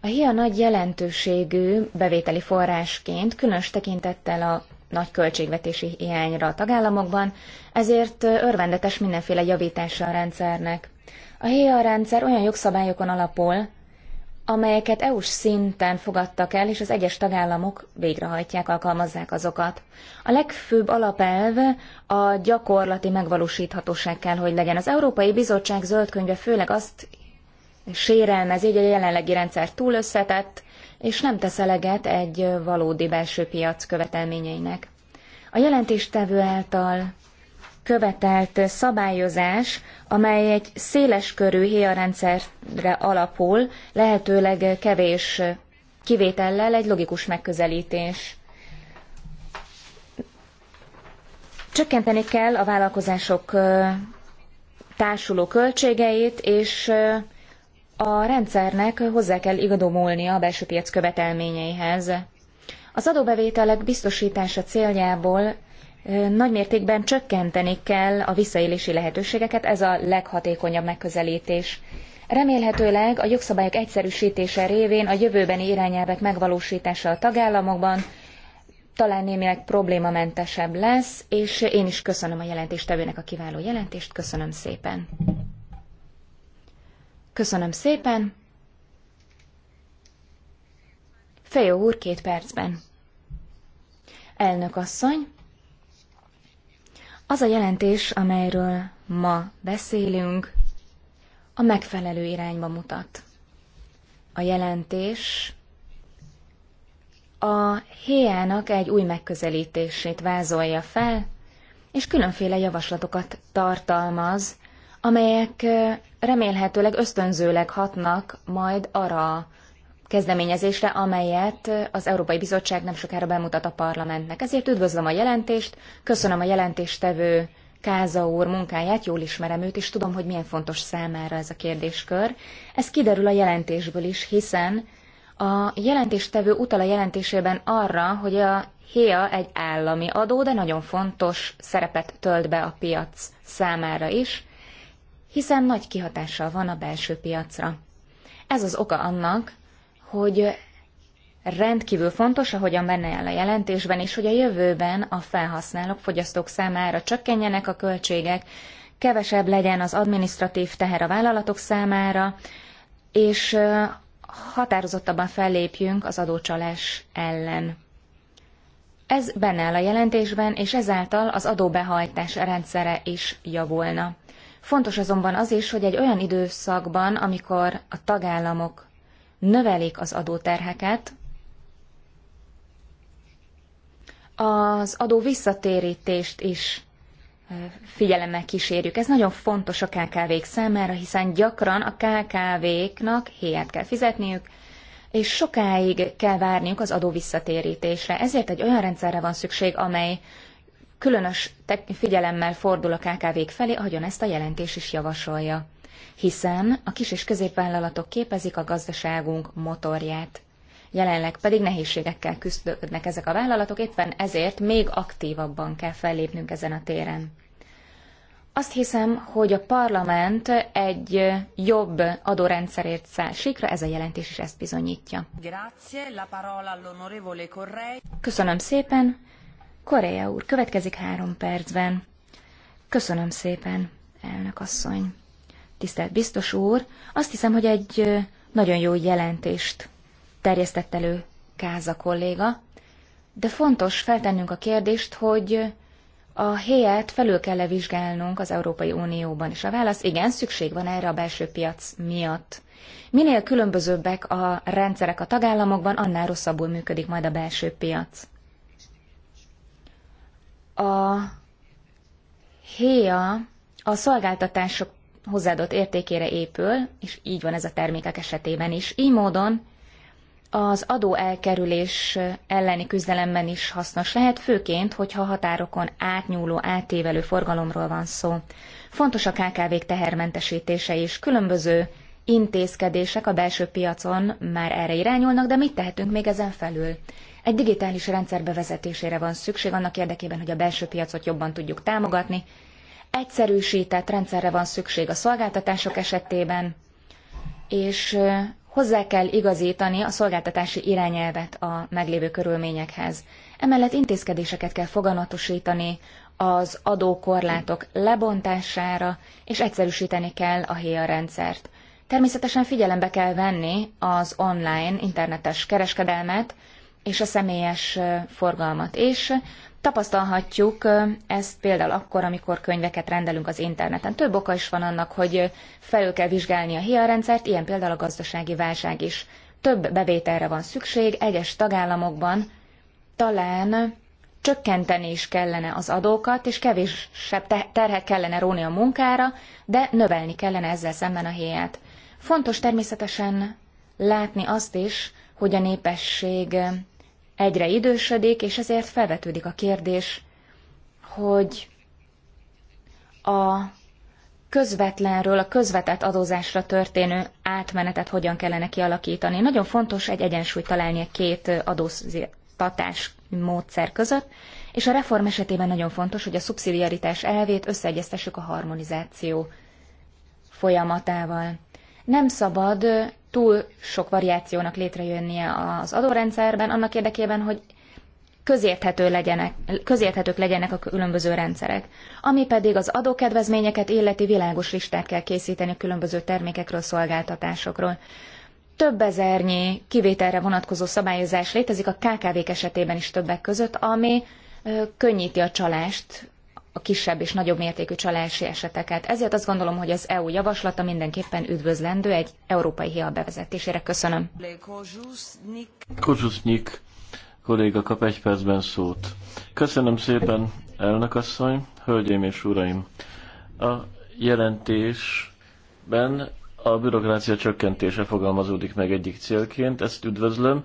A HIA nagy jelentőségű bevételi forrásként, különös tekintettel a nagy költségvetési hiányra a tagállamokban, ezért örvendetes mindenféle javítása a rendszernek. A HIA rendszer olyan jogszabályokon alapul, amelyeket EU-s szinten fogadtak el, és az egyes tagállamok végrehajtják, alkalmazzák azokat. A legfőbb alapelve a gyakorlati megvalósíthatóság kell, hogy legyen. Az Európai Bizottság zöldkönyve főleg azt sérelmezi, hogy a jelenlegi rendszer túl összetett, és nem tesz eleget egy valódi belső piac követelményeinek. A jelentéstevő által követelt szabályozás, amely egy széleskörű héjarendszerre alapul, lehetőleg kevés kivétellel egy logikus megközelítés. Csökkenteni kell a vállalkozások társuló költségeit, és a rendszernek hozzá kell igazodulnia a belső piac követelményeihez. Az adóbevételek biztosítása céljából nagy mértékben csökkenteni kell a visszaélési lehetőségeket, ez a leghatékonyabb megközelítés. Remélhetőleg a jogszabályok egyszerűsítése révén a jövőbeni irányelvek megvalósítása a tagállamokban talán némileg problémamentesebb lesz, és én is köszönöm a jelentéstevőnek a kiváló jelentést, köszönöm szépen. Köszönöm szépen. Fejó úr két percben. Elnök asszony, az a jelentés, amelyről ma beszélünk, a megfelelő irányba mutat. A jelentés a héjának egy új megközelítését vázolja fel, és különféle javaslatokat tartalmaz, amelyek remélhetőleg ösztönzőleg hatnak majd arra kezdeményezésre, amelyet az Európai Bizottság nem sokára bemutat a parlamentnek. Ezért üdvözlöm a jelentést, köszönöm a jelentéstevő Káza úr munkáját, jól ismerem őt, és tudom, hogy milyen fontos számára ez a kérdéskör. Ez kiderül a jelentésből is, hiszen a jelentéstevő utal a jelentésében arra, hogy a HÉA e egy állami adó, de nagyon fontos szerepet tölt be a piac számára is, hiszen nagy kihatással van a belső piacra. Ez az oka annak, hogy rendkívül fontos, ahogyan benne áll a jelentésben és hogy a jövőben a felhasználók, fogyasztók számára csökkenjenek a költségek, kevesebb legyen az administratív teher a vállalatok számára, és határozottabban fellépjünk az adócsalás ellen. Ez benne áll a jelentésben, és ezáltal az adóbehajtás rendszere is javulna. Fontos azonban az is, hogy egy olyan időszakban, amikor a tagállamok növelik az adóterheket, az adó visszatérítést is figyelemmel kísérjük. Ez nagyon fontos a KKV-k számára, hiszen gyakran a KKV-knak héját kell fizetniük, és sokáig kell várniuk az adó visszatérítésre. Ezért egy olyan rendszerre van szükség, amely különös figyelemmel fordul a KKV-k felé, ahogyan ezt a jelentés is javasolja hiszen a kis és középvállalatok képezik a gazdaságunk motorját. Jelenleg pedig nehézségekkel küzdődnek ezek a vállalatok, éppen ezért még aktívabban kell fellépnünk ezen a téren. Azt hiszem, hogy a parlament egy jobb adórendszerért száll sikra, ez a jelentés is ezt bizonyítja. Köszönöm szépen. Korea úr, következik három percben. Köszönöm szépen, elnök asszony tisztelt biztos úr, azt hiszem, hogy egy nagyon jó jelentést terjesztett elő Káza kolléga, de fontos feltennünk a kérdést, hogy a helyet felül kell vizsgálnunk az Európai Unióban, és a válasz igen, szükség van erre a belső piac miatt. Minél különbözőbbek a rendszerek a tagállamokban, annál rosszabbul működik majd a belső piac. A HÉA a szolgáltatások hozzáadott értékére épül, és így van ez a termékek esetében is. Így módon az adó elkerülés elleni küzdelemben is hasznos lehet, főként, hogyha határokon átnyúló, átévelő forgalomról van szó. Fontos a KKV-k tehermentesítése is. Különböző intézkedések a belső piacon már erre irányulnak, de mit tehetünk még ezen felül? Egy digitális rendszer bevezetésére van szükség annak érdekében, hogy a belső piacot jobban tudjuk támogatni, egyszerűsített rendszerre van szükség a szolgáltatások esetében, és hozzá kell igazítani a szolgáltatási irányelvet a meglévő körülményekhez. Emellett intézkedéseket kell foganatosítani az adókorlátok lebontására, és egyszerűsíteni kell a HÉA rendszert. Természetesen figyelembe kell venni az online internetes kereskedelmet és a személyes forgalmat, és Tapasztalhatjuk ezt például akkor, amikor könyveket rendelünk az interneten. Több oka is van annak, hogy felül kell vizsgálni a hiarendszert, ilyen például a gazdasági válság is. Több bevételre van szükség, egyes tagállamokban talán csökkenteni is kellene az adókat, és kevésebb terhet kellene róni a munkára, de növelni kellene ezzel szemben a héját. Fontos természetesen látni azt is, hogy a népesség egyre idősödik, és ezért felvetődik a kérdés, hogy a közvetlenről a közvetett adózásra történő átmenetet hogyan kellene kialakítani. Nagyon fontos egy egyensúlyt találni a két adóztatás módszer között, és a reform esetében nagyon fontos, hogy a szubszidiaritás elvét összeegyeztessük a harmonizáció folyamatával. Nem szabad túl sok variációnak létrejönnie az adórendszerben, annak érdekében, hogy közérthető legyenek, közérthetők legyenek a különböző rendszerek. Ami pedig az adókedvezményeket illeti világos listát kell készíteni a különböző termékekről, szolgáltatásokról. Több ezernyi kivételre vonatkozó szabályozás létezik a KKV-k esetében is többek között, ami könnyíti a csalást a kisebb és nagyobb mértékű csalási eseteket. Ezért azt gondolom, hogy az EU javaslata mindenképpen üdvözlendő egy európai hiá bevezetésére. Köszönöm. Kozsusznyik kolléga kap egy percben szót. Köszönöm szépen, elnökasszony, hölgyeim és uraim. A jelentésben a bürokrácia csökkentése fogalmazódik meg egyik célként, ezt üdvözlöm.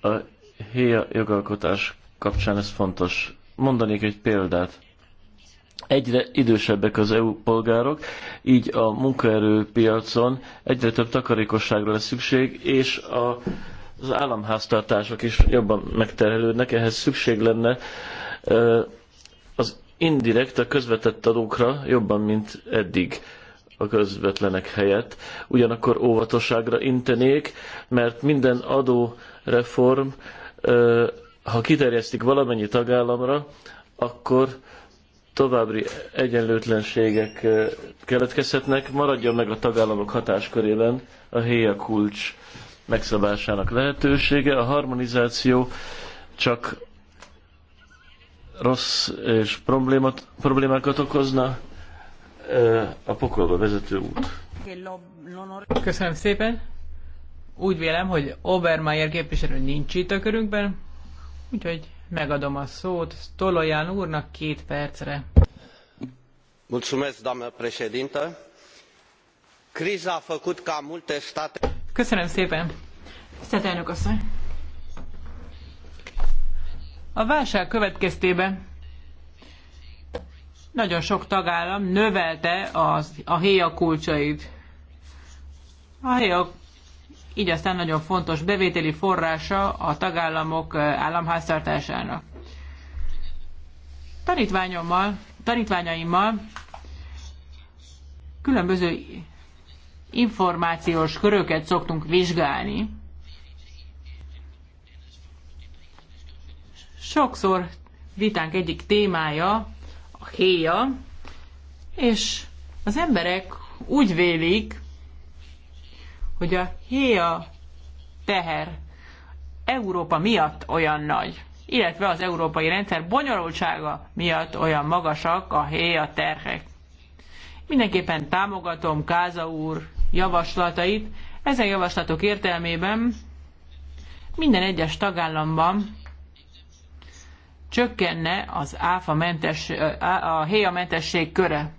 A HÉA jogalkotás kapcsán ez fontos mondanék egy példát. Egyre idősebbek az EU polgárok, így a munkaerőpiacon egyre több takarékosságra lesz szükség, és a, az államháztartások is jobban megterhelődnek, ehhez szükség lenne az indirekt, a közvetett adókra jobban, mint eddig a közvetlenek helyett. Ugyanakkor óvatosságra intenék, mert minden adóreform ha kiterjesztik valamennyi tagállamra, akkor további egyenlőtlenségek eh, keletkezhetnek, maradjon meg a tagállamok hatáskörében a héja kulcs megszabásának lehetősége. A harmonizáció csak rossz és problémat, problémákat okozna eh, a pokolba vezető út. Köszönöm szépen. Úgy vélem, hogy Obermeier képviselő nincs itt a körünkben, Úgyhogy megadom a szót Toloján úrnak két percre. Mulțumesc, doamnă președintă. Criza a făcut ca multe state... Köszönöm szépen. Tisztelt elnök asszony. A válság következtében nagyon sok tagállam növelte az, a kulcsait. A héja így aztán nagyon fontos bevételi forrása a tagállamok eh, államháztartásának. Tanítványommal, tanítványaimmal különböző információs köröket szoktunk vizsgálni. Sokszor vitánk egyik témája a héja, és az emberek úgy vélik, hogy a héja teher Európa miatt olyan nagy, illetve az európai rendszer bonyolultsága miatt olyan magasak a héja terhek. Mindenképpen támogatom Káza úr javaslatait. Ezen javaslatok értelmében minden egyes tagállamban csökkenne az áfa mentes, a héja mentesség köre.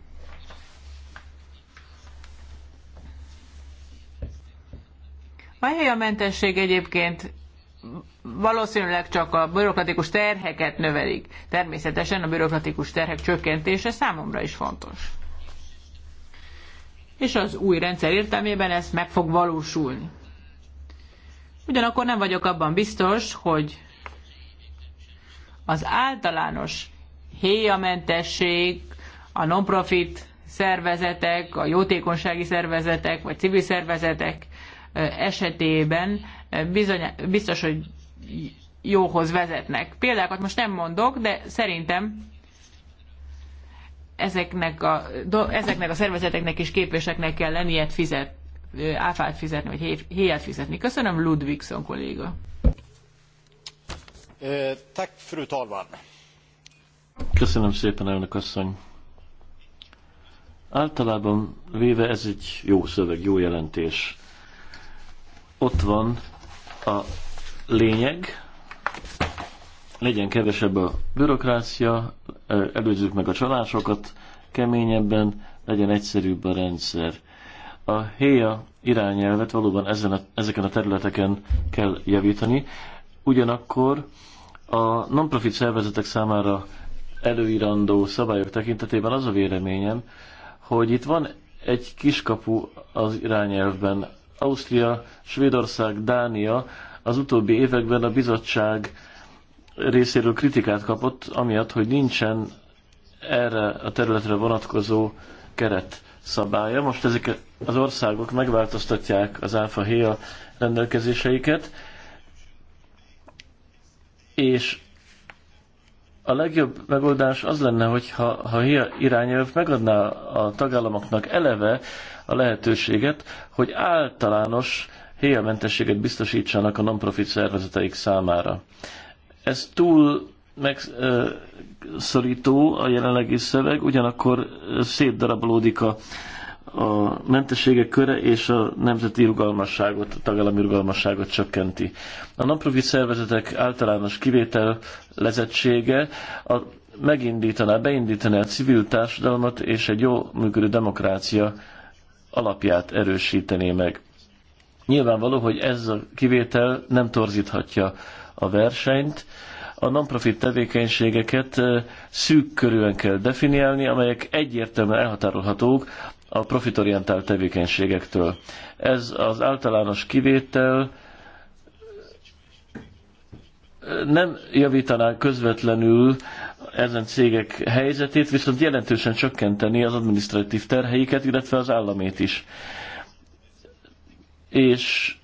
Mely a mentesség egyébként valószínűleg csak a bürokratikus terheket növelik. Természetesen a bürokratikus terhek csökkentése számomra is fontos. És az új rendszer értelmében ez meg fog valósulni. Ugyanakkor nem vagyok abban biztos, hogy az általános héjamentesség, a non-profit szervezetek, a jótékonysági szervezetek vagy civil szervezetek esetében eh, bizony, biztos, hogy jóhoz vezetnek. Példákat most nem mondok, de szerintem ezeknek a, ezeknek a szervezeteknek és képéseknek kell lennie fizet, eh, áfát fizetni, vagy héját fizetni. Köszönöm, Ludvigson kolléga. Eh, tak, fru talman. Köszönöm szépen, elnök asszony. Általában véve ez egy jó szöveg, jó jelentés ott van a lényeg, legyen kevesebb a bürokrácia, előzzük meg a csalásokat keményebben, legyen egyszerűbb a rendszer. A héja irányelvet valóban ezen a, ezeken a területeken kell javítani, ugyanakkor a non-profit szervezetek számára előírandó szabályok tekintetében az a véleményem, hogy itt van egy kiskapu az irányelvben Ausztria, Svédország, Dánia az utóbbi években a bizottság részéről kritikát kapott, amiatt, hogy nincsen erre a területre vonatkozó keret szabálya. Most ezek az országok megváltoztatják az áfa héja rendelkezéseiket, és a legjobb megoldás az lenne, hogy ha irányelv megadná a tagállamoknak eleve a lehetőséget, hogy általános héjamentességet biztosítsanak a non-profit szervezeteik számára. Ez túl megszorító a jelenlegi szöveg, ugyanakkor szétdarabolódik a a mentességek köre és a nemzeti rugalmasságot, a tagállami rugalmasságot csökkenti. A non-profit szervezetek általános kivétel lezettsége a, megindítaná, beindítaná a civil társadalmat és egy jó működő demokrácia alapját erősítené meg. Nyilvánvaló, hogy ez a kivétel nem torzíthatja a versenyt, a non-profit tevékenységeket szűk körülön kell definiálni, amelyek egyértelműen elhatárolhatók a profitorientált tevékenységektől. Ez az általános kivétel nem javítaná közvetlenül ezen cégek helyzetét, viszont jelentősen csökkenteni az administratív terheiket, illetve az államét is. És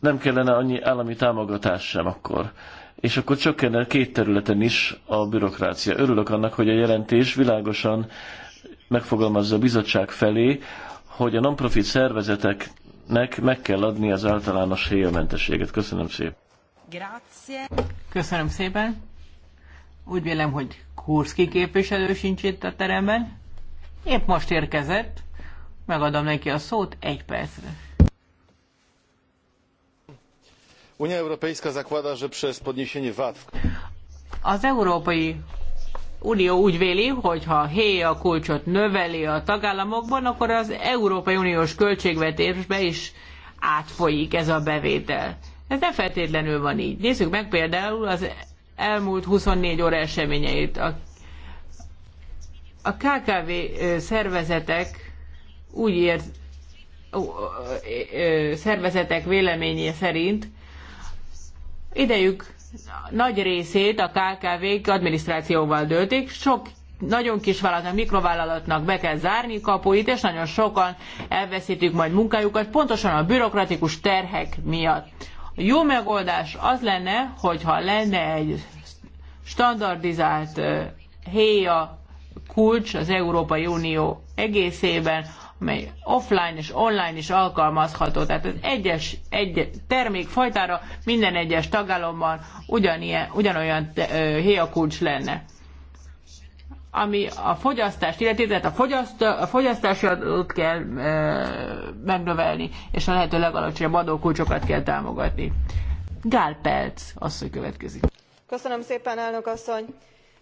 nem kellene annyi állami támogatás sem akkor. És akkor csökkenne két területen is a bürokrácia. Örülök annak, hogy a jelentés világosan uh, megfogalmazza a bizottság felé, hogy a non-profit szervezeteknek meg kell adni az általános héjelmentességet. Köszönöm szépen. Grazie. Köszönöm szépen. Úgy vélem, hogy Kurszki képviselő sincs itt a teremben. Épp most érkezett. Megadom neki a szót egy percre. Unia Europejska zakłada, że przez podniesienie VAT... Az Európai Unió úgy véli, hogy ha a kulcsot növeli a tagállamokban, akkor az Európai Uniós költségvetésbe is átfolyik ez a bevétel. Ez nem feltétlenül van így. Nézzük meg például az elmúlt 24 óra eseményeit. A, a KKV szervezetek úgy ért, szervezetek véleménye szerint idejük nagy részét a KKV-k adminisztrációval döltik, sok nagyon kis vállalatnak, mikrovállalatnak be kell zárni kapuit, és nagyon sokan elveszítik majd munkájukat, pontosan a bürokratikus terhek miatt. A jó megoldás az lenne, hogyha lenne egy standardizált eh, héja kulcs az Európai Unió egészében, amely offline és online is alkalmazható. Tehát az egyes egy termékfajtára minden egyes tagállamban ugyanilyen, ugyanolyan héjakulcs lenne ami a fogyasztást illeti, tehát a, fogyaszt, a fogyasztási adót kell e, megnövelni, és a lehető legalacsonyabb adókulcsokat kell támogatni. Gál Pelc, hogy következik. Köszönöm szépen, elnök asszony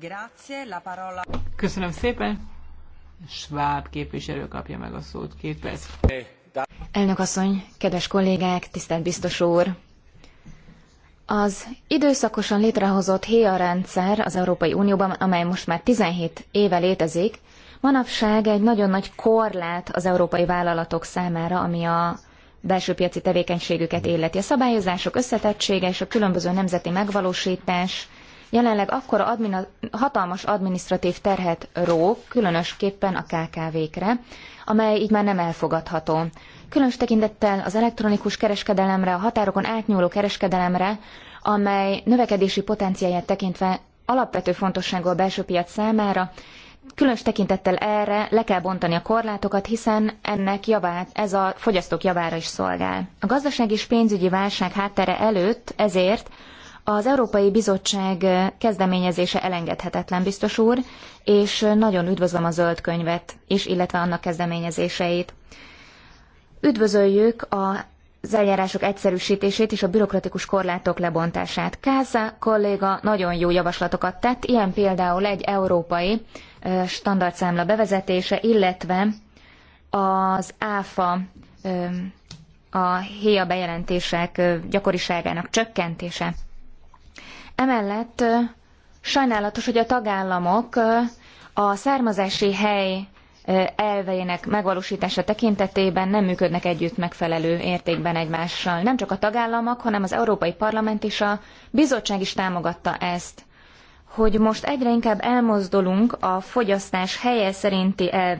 Grazie, la parola. Köszönöm szépen. Schwab képviselő kapja meg a szót. Két perc. Elnök asszony, kedves kollégák, tisztelt biztos úr! Az időszakosan létrehozott HÉA rendszer az Európai Unióban, amely most már 17 éve létezik, manapság egy nagyon nagy korlát az európai vállalatok számára, ami a belső piaci tevékenységüket illeti. A szabályozások összetettsége és a különböző nemzeti megvalósítás jelenleg akkora admin, hatalmas adminisztratív terhet ró, különösképpen a KKV-kre, amely így már nem elfogadható. Különös tekintettel az elektronikus kereskedelemre, a határokon átnyúló kereskedelemre, amely növekedési potenciáját tekintve alapvető fontosságú a belső piac számára, Különös tekintettel erre le kell bontani a korlátokat, hiszen ennek javát, ez a fogyasztók javára is szolgál. A gazdasági és pénzügyi válság háttere előtt ezért az Európai Bizottság kezdeményezése elengedhetetlen, biztos úr, és nagyon üdvözlöm a zöld könyvet is, illetve annak kezdeményezéseit. Üdvözöljük a az eljárások egyszerűsítését és a bürokratikus korlátok lebontását. Káza kolléga nagyon jó javaslatokat tett, ilyen például egy európai standardszámla bevezetése, illetve az ÁFA a héja bejelentések gyakoriságának csökkentése. Emellett sajnálatos, hogy a tagállamok a származási hely elvének megvalósítása tekintetében nem működnek együtt megfelelő értékben egymással. Nem csak a tagállamok, hanem az Európai Parlament is a bizottság is támogatta ezt hogy most egyre inkább elmozdulunk a fogyasztás helye szerinti elv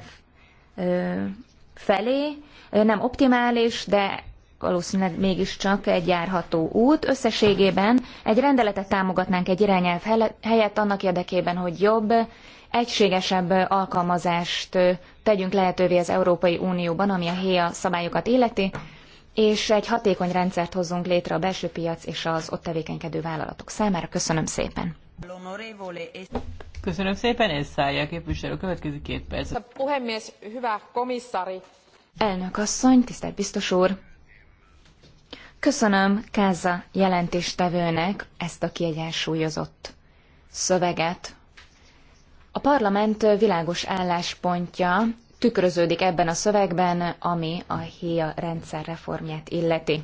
felé, nem optimális, de valószínűleg mégiscsak egy járható út. Összességében egy rendeletet támogatnánk egy irányelv helyett annak érdekében, hogy jobb, egységesebb alkalmazást tegyünk lehetővé az Európai Unióban, ami a HÉA szabályokat illeti, és egy hatékony rendszert hozzunk létre a belső piac és az ott tevékenykedő vállalatok számára. Köszönöm szépen! Köszönöm szépen, ez szállja képviselő. Következő két perc. Puhemies, hyvä komissári! Elnök asszony, tisztelt biztos úr! Köszönöm Káza jelentéstevőnek ezt a kiegyensúlyozott szöveget. A parlament világos álláspontja tükröződik ebben a szövegben, ami a HIA rendszer reformját illeti.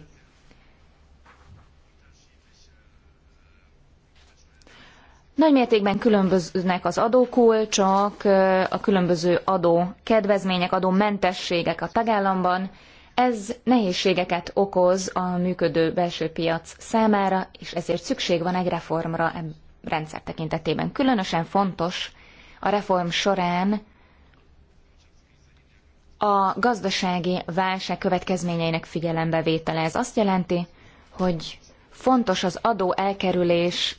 Nagymértékben különböznek az adókulcsok, a különböző adó kedvezmények, adó mentességek a tagállamban, ez nehézségeket okoz a működő belső piac számára, és ezért szükség van egy reformra a e rendszer tekintetében. Különösen fontos a reform során a gazdasági válság következményeinek figyelembevétele. Ez azt jelenti, hogy fontos az adó elkerülés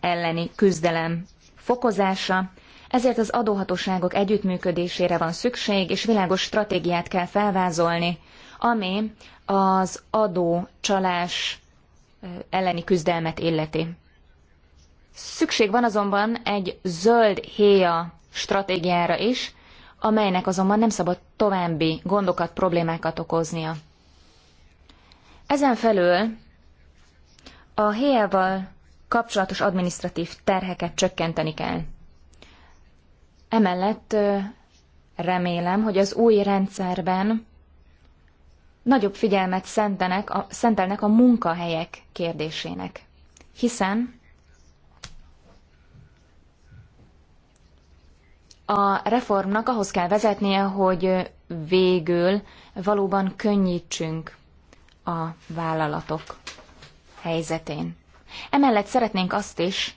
elleni küzdelem fokozása, ezért az adóhatóságok együttműködésére van szükség, és világos stratégiát kell felvázolni, ami az adócsalás elleni küzdelmet illeti. Szükség van azonban egy zöld héja stratégiára is, amelynek azonban nem szabad további gondokat, problémákat okoznia. Ezen felül a héjával kapcsolatos adminisztratív terheket csökkenteni kell. Emellett remélem, hogy az új rendszerben nagyobb figyelmet szentenek a, szentelnek a munkahelyek kérdésének, hiszen a reformnak ahhoz kell vezetnie, hogy végül valóban könnyítsünk a vállalatok helyzetén. Emellett szeretnénk azt is,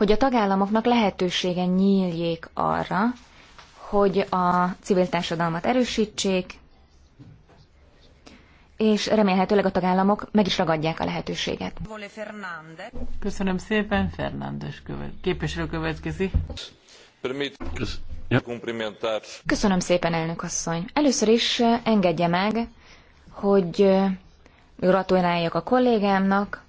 hogy a tagállamoknak lehetősége nyíljék arra, hogy a civil társadalmat erősítsék, és remélhetőleg a tagállamok meg is ragadják a lehetőséget. Köszönöm szépen, Fernándes követ. képviselő következik. Köszönöm szépen, elnök asszony. Először is eh, engedje meg, hogy eh, gratuláljak a kollégámnak,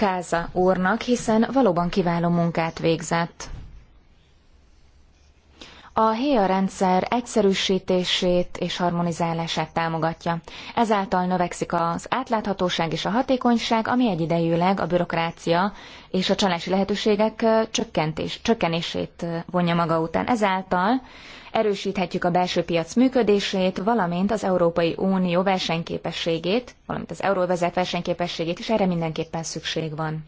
Káza úrnak, hiszen valóban kiváló munkát végzett. A HEA rendszer egyszerűsítését és harmonizálását támogatja. Ezáltal növekszik az átláthatóság és a hatékonyság, ami egyidejűleg a bürokrácia és a csalási lehetőségek csökkentés, csökkenését vonja maga után. Ezáltal erősíthetjük a belső piac működését, valamint az Európai Unió versenyképességét, valamint az euróvezet versenyképességét is, erre mindenképpen szükség van.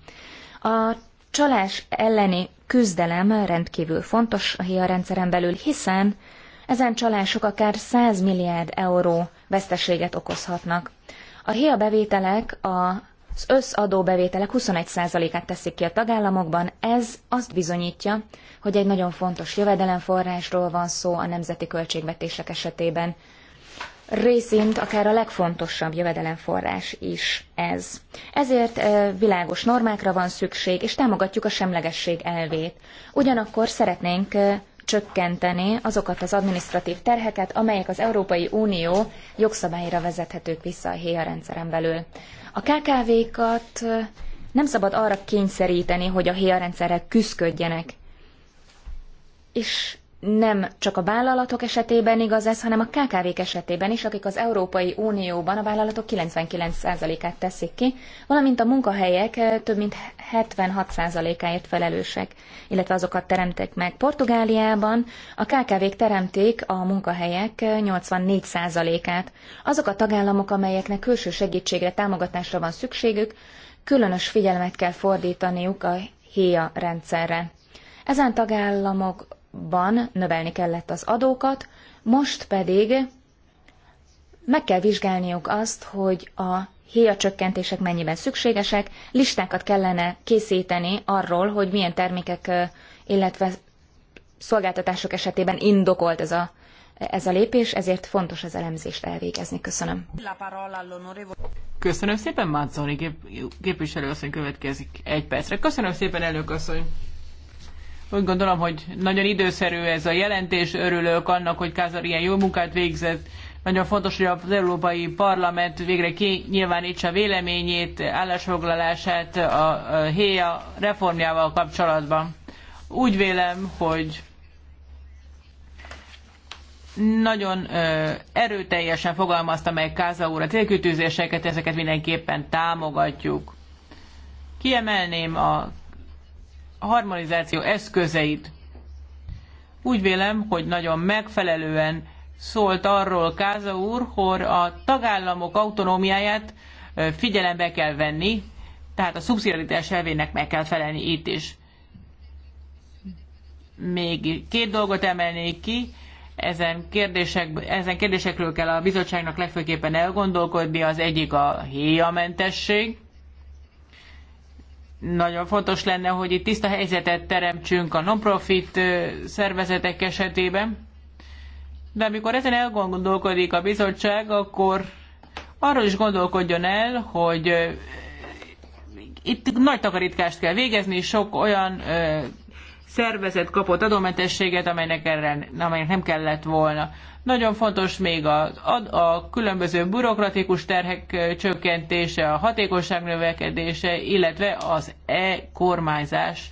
A csalás elleni küzdelem rendkívül fontos a HIA rendszeren belül, hiszen ezen csalások akár 100 milliárd euró veszteséget okozhatnak. A HIA bevételek a az összadóbevételek 21%-át teszik ki a tagállamokban, ez azt bizonyítja, hogy egy nagyon fontos jövedelemforrásról van szó a nemzeti költségvetések esetében. Részint akár a legfontosabb jövedelemforrás is ez. Ezért világos normákra van szükség, és támogatjuk a semlegesség elvét. Ugyanakkor szeretnénk csökkenteni azokat az administratív terheket, amelyek az Európai Unió jogszabályra vezethetők vissza a HÉA rendszeren belül. A KKV-kat nem szabad arra kényszeríteni, hogy a HÉA rendszerrel küzdködjenek. És nem csak a vállalatok esetében igaz ez, hanem a KKV-k esetében is, akik az Európai Unióban a vállalatok 99%-át teszik ki, valamint a munkahelyek eh, több mint 76%-áért felelősek, illetve azokat teremtek meg. Portugáliában a KKV-k teremték a munkahelyek 84%-át. Eh, Azok a tagállamok, amelyeknek külső segítségre, támogatásra van szükségük, különös figyelmet kell fordítaniuk a HIA rendszerre. Ezen tagállamok ban növelni kellett az adókat, most pedig meg kell vizsgálniuk azt, hogy a csökkentések mennyiben szükségesek, listákat kellene készíteni arról, hogy milyen termékek, illetve szolgáltatások esetében indokolt ez a, ez a lépés, ezért fontos az elemzést elvégezni. Köszönöm. Köszönöm szépen, Mázzoni képviselő asszony következik egy percre. Köszönöm szépen, elnök asszony. Úgy gondolom, hogy nagyon időszerű ez a jelentés, örülök annak, hogy Kázar ilyen jó munkát végzett. Nagyon fontos, hogy az Európai Parlament végre kinyilvánítsa véleményét, állásfoglalását a HÉA reformjával kapcsolatban. Úgy vélem, hogy nagyon erőteljesen fogalmazta meg Káza úr a célkütőzéseket, ezeket mindenképpen támogatjuk. Kiemelném a harmonizáció eszközeit. Úgy vélem, hogy nagyon megfelelően szólt arról Káza úr, hogy a tagállamok autonómiáját figyelembe kell venni, tehát a szubszidiaritás elvének meg kell felelni itt is. Még két dolgot emelnék ki, ezen, kérdések, ezen kérdésekről kell a bizottságnak legfőképpen elgondolkodni, az egyik a héjamentesség, nagyon fontos lenne, hogy itt tiszta helyzetet teremtsünk a non-profit szervezetek esetében, de amikor ezen elgondolkodik a bizottság, akkor arról is gondolkodjon el, hogy itt nagy takarítást kell végezni, sok olyan szervezet kapott adómentességet, amelynek, erre, amelynek nem kellett volna. Nagyon fontos még a, a, a különböző bürokratikus terhek csökkentése, a hatékonyság növekedése, illetve az e-kormányzás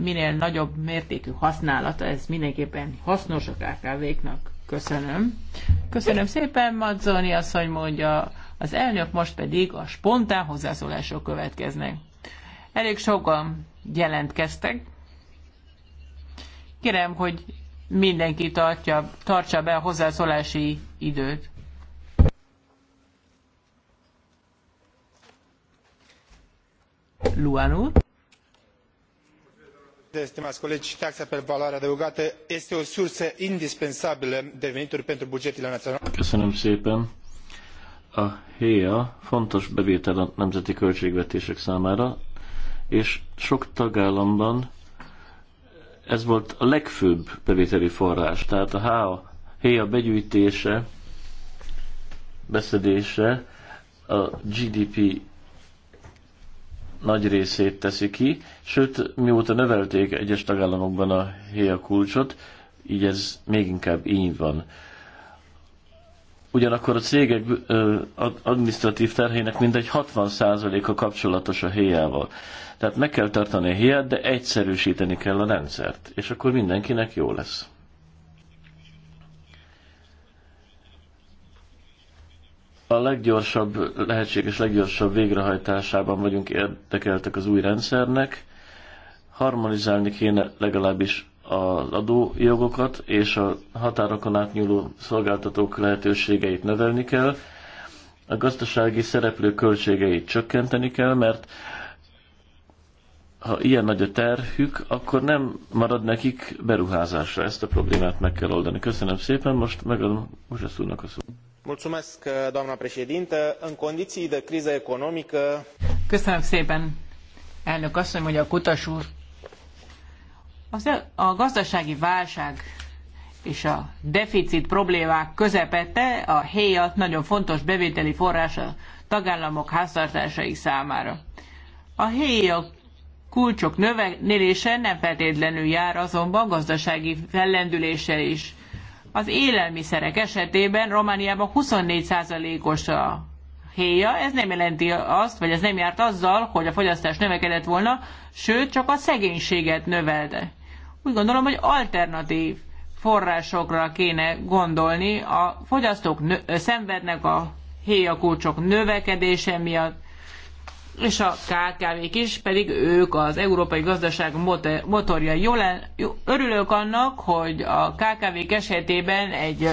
minél nagyobb mértékű használata. Ez mindenképpen hasznos a KKV-knak. Köszönöm. Köszönöm szépen, Madzoni asszony mondja. Az elnök most pedig a spontán hozzászólások következnek. Elég sokan jelentkeztek, Kérem, hogy mindenki tartja, tartsa be a hozzászólási időt. Luanu. úr. Stimați colegi, taxa pe valoare adăugată este o sursă indispensabilă de venituri pentru bugetele naționale. Köszönöm szépen. A HEA fontos bevétel a nemzeti költségvetések számára, és sok tagállamban ez volt a legfőbb bevételi forrás. Tehát a háa, héja begyűjtése, beszedése a GDP nagy részét teszi ki, sőt, mióta növelték egyes tagállamokban a héja kulcsot, így ez még inkább így van. Ugyanakkor a cégek administratív terhének mindegy 60%-a kapcsolatos a héjával. Tehát meg kell tartani a héját, de egyszerűsíteni kell a rendszert, és akkor mindenkinek jó lesz. A leggyorsabb, lehetséges leggyorsabb végrehajtásában vagyunk érdekeltek az új rendszernek. Harmonizálni kéne legalábbis az adójogokat és a határokon átnyúló szolgáltatók lehetőségeit növelni kell, a gazdasági szereplő költségeit csökkenteni kell, mert ha ilyen nagy a terhük, akkor nem marad nekik beruházásra. Ezt a problémát meg kell oldani. Köszönöm szépen, most megadom Uzsasz úrnak a szót. Mulțumesc, doamna președintă. În condiții de criză economică... Köszönöm szépen, elnök asszony, hogy a Kutas úr a gazdasági válság és a deficit problémák közepette a héjat nagyon fontos bevételi forrás a tagállamok háztartásai számára. A héj a kulcsok növelése nem feltétlenül jár azonban gazdasági fellendülése is. Az élelmiszerek esetében Romániában 24%-os a héja, ez nem jelenti azt, vagy ez nem járt azzal, hogy a fogyasztás növekedett volna, sőt, csak a szegénységet növelte. Úgy gondolom, hogy alternatív forrásokra kéne gondolni. A fogyasztók szenvednek a héjakulcsok növekedése miatt, és a KKV-k is, pedig ők az európai gazdaság motorja. Jól örülök annak, hogy a KKV-k esetében egy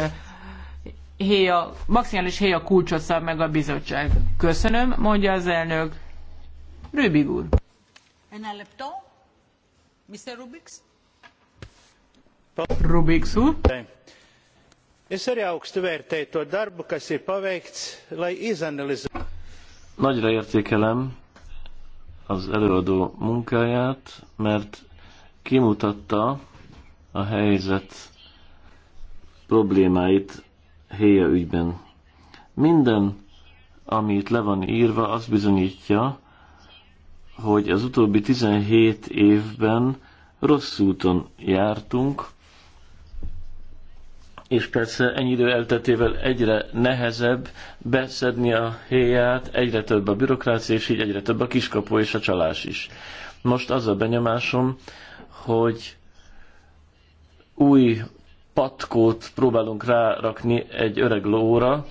héja, maximális héja kulcsot szab meg a bizottság. Köszönöm, mondja az elnök. Rübig úr. Mr. Rubiks? Rubiks úr. Es arī augstu vērtēju to darbu, kas ir paveikts, lai izanalizētu. Nagyra értékelem az előadó munkáját, mert kimutatta a helyzet problémáit héja ügyben. Minden, amit itt le van írva, azt bizonyítja, hogy az utóbbi 17 évben rossz úton jártunk, és persze ennyi idő elteltével egyre nehezebb beszedni a héját, egyre több a bürokrácia, és így egyre több a kiskapó és a csalás is. Most az a benyomásom, hogy új patkót próbálunk rárakni egy öreg lóra,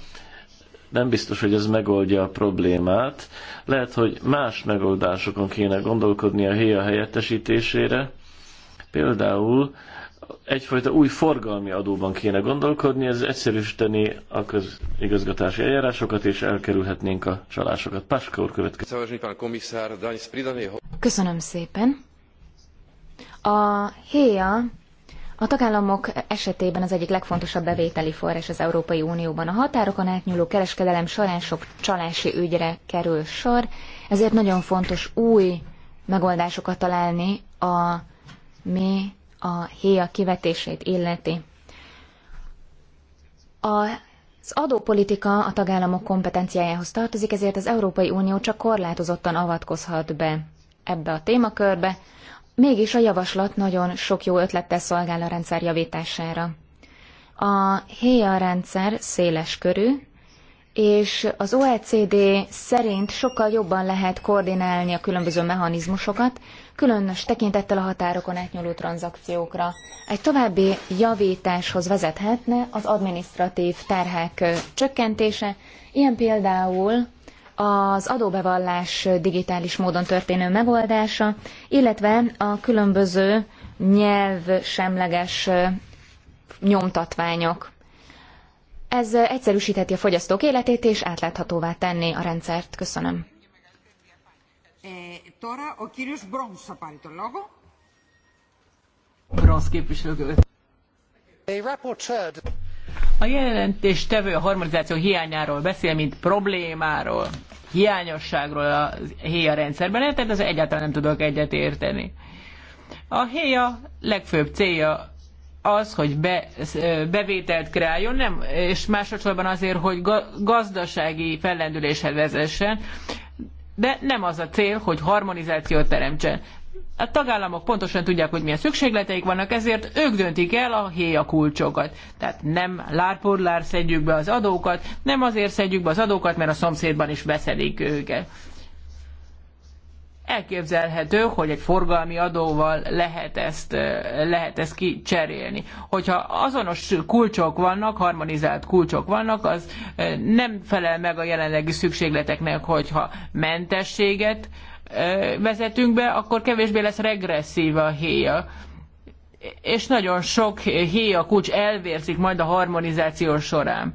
nem biztos, hogy ez megoldja a problémát. Lehet, hogy más megoldásokon kéne gondolkodni a héja helyettesítésére. Például egyfajta új forgalmi adóban kéne gondolkodni, ez egyszerűsíteni a közigazgatási eljárásokat, és elkerülhetnénk a csalásokat. Páska úr következő. Köszönöm szépen. A héja a tagállamok esetében az egyik legfontosabb bevételi forrás az Európai Unióban. A határokon átnyúló kereskedelem során sok csalási ügyre kerül sor, ezért nagyon fontos új megoldásokat találni a mi a héja kivetését illeti. A az adópolitika a tagállamok kompetenciájához tartozik, ezért az Európai Unió csak korlátozottan avatkozhat be ebbe a témakörbe, mégis a javaslat nagyon sok jó ötlettel szolgál a rendszer javítására. A HEA rendszer széles körű, és az OECD szerint sokkal jobban lehet koordinálni a különböző mechanizmusokat, különös tekintettel a határokon átnyúló tranzakciókra. Egy további javításhoz vezethetne az adminisztratív terhek csökkentése, ilyen például az adóbevallás digitális módon történő megoldása, illetve a különböző nyelvsemleges nyomtatványok ez egyszerűsítheti a fogyasztók életét és átláthatóvá tenni a rendszert. Köszönöm. Τώρα ο κύριος A jelentéstevő a harmonizáció hiányáról beszél, mint problémáról, hiányosságról a héja rendszerben, tehát az egyáltalán nem tudok egyet érteni. A héja legfőbb célja az, hogy be, bevételt kreáljon, nem, és másodszorban azért, hogy gazdasági fellendüléshez vezessen, de nem az a cél, hogy harmonizációt teremtsen. A tagállamok pontosan tudják, hogy milyen szükségleteik vannak, ezért ők döntik el a héja kulcsokat. Tehát nem lárpurlár szedjük be az adókat, nem azért szedjük be az adókat, mert a szomszédban is beszedik őket elképzelhető, hogy egy forgalmi adóval lehet ezt, lehet ezt kicserélni. Hogyha azonos kulcsok vannak, harmonizált kulcsok vannak, az nem felel meg a jelenlegi szükségleteknek, hogyha mentességet vezetünk be, akkor kevésbé lesz regresszív a héja. És nagyon sok héja kulcs elvérzik majd a harmonizáció során.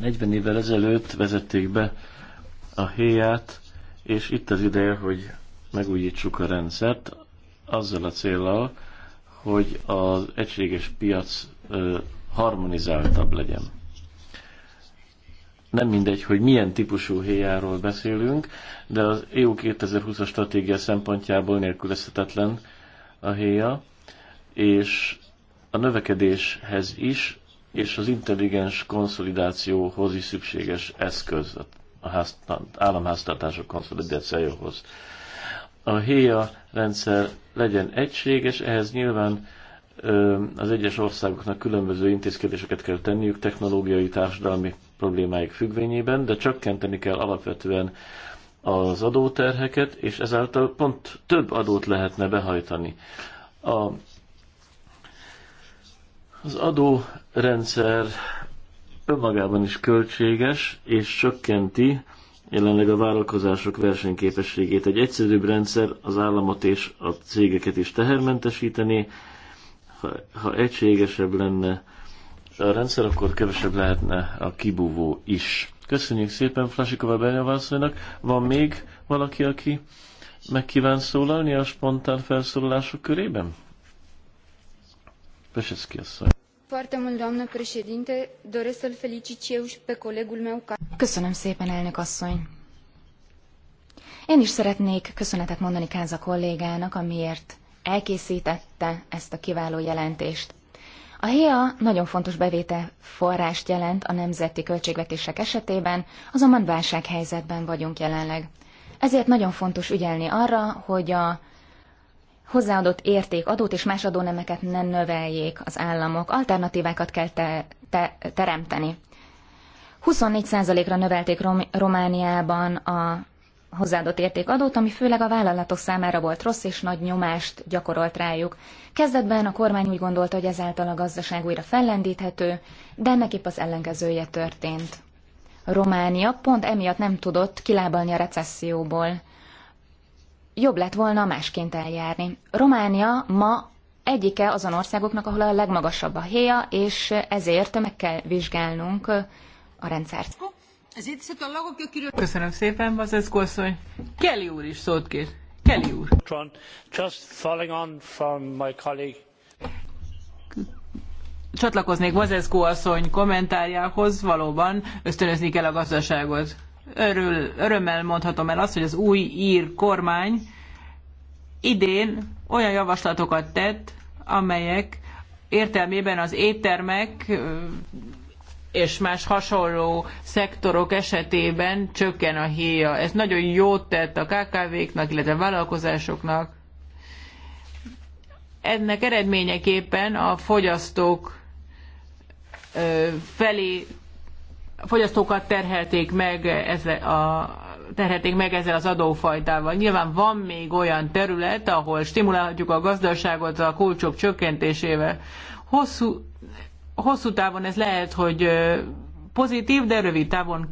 40 évvel ezelőtt vezették be a héját, és itt az ideje, hogy megújítsuk a rendszert, azzal a célral, hogy az egységes piac harmonizáltabb legyen. Nem mindegy, hogy milyen típusú héjáról beszélünk, de az EU 2020-as stratégia szempontjából nélkülözhetetlen a héja, és a növekedéshez is és az intelligens konszolidációhoz is szükséges eszköz a háztart, államháztartások konszolidációhoz. A HIA e rendszer legyen egységes, ehhez nyilván az egyes országoknak különböző intézkedéseket kell tenniük technológiai, társadalmi problémáik függvényében, de csökkenteni kell alapvetően az adóterheket, és ezáltal pont több adót lehetne behajtani. A az adórendszer önmagában is költséges, és csökkenti jelenleg a vállalkozások versenyképességét. Egy egyszerűbb rendszer az államot és a cégeket is tehermentesíteni. Ha, ha egységesebb lenne a rendszer, akkor kevesebb lehetne a kibúvó is. Köszönjük szépen Flasikova Benyavászonynak. Van még valaki, aki meg kíván szólalni a spontán felszólalások körében? Peseszki asszony. Foarte doresc să-l felicit și eu și pe colegul meu. Köszönöm szépen, elnök asszony. Én is szeretnék köszönetet mondani Káza kollégának, amiért elkészítette ezt a kiváló jelentést. A HEA nagyon fontos bevétel forrást jelent a nemzeti költségvetések esetében, azonban válsághelyzetben vagyunk jelenleg. Ezért nagyon fontos ügyelni arra, hogy a hozzáadott érték adót és más adónemeket ne növeljék az államok. Alternatívákat kell te, te, teremteni. 24%-ra növelték Rom- Romániában a hozzáadott értékadót, ami főleg a vállalatok számára volt rossz és nagy nyomást gyakorolt rájuk. Kezdetben a kormány úgy gondolta, hogy ezáltal a gazdaság újra fellendíthető, de ennek épp az ellenkezője történt. Románia pont emiatt nem tudott kilábalni a recesszióból jobb lett volna másként eljárni. Románia ma egyike azon országoknak, ahol a legmagasabb a héja, és ezért meg kell vizsgálnunk a rendszert. Köszönöm szépen, Bazeszko asszony. Kelly úr is szólt kér. Kelly úr. Just following on from my colleague. Csatlakoznék Bazeszko asszony kommentárjához, valóban ösztönözni kell a gazdaságot. Örül, örömmel mondhatom el azt, hogy az új ír kormány idén olyan javaslatokat tett, amelyek értelmében az éttermek és más hasonló szektorok esetében csökken a héja. Ez nagyon jót tett a KKV-knak, illetve a vállalkozásoknak. Ennek eredményeképpen a fogyasztók felé a fogyasztókat terhelték meg ezzel a terhelték meg ezzel az adófajtával. Nyilván van még olyan terület, ahol stimulálhatjuk a gazdaságot a kulcsok csökkentésével. Hosszú, hosszú távon ez lehet, hogy pozitív, de rövid távon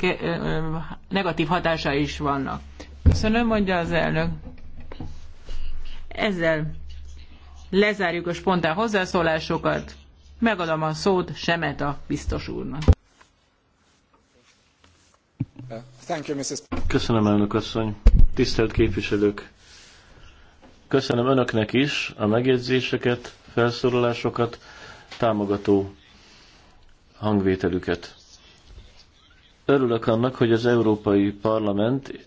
negatív hatása is vannak. Köszönöm, mondja az elnök. Ezzel lezárjuk a spontán hozzászólásokat. Megadom a szót Semeta biztos úrnak. Köszönöm, elnök asszony. Tisztelt képviselők! Köszönöm önöknek is a megjegyzéseket, felszólalásokat, támogató hangvételüket. Örülök annak, hogy az Európai Parlament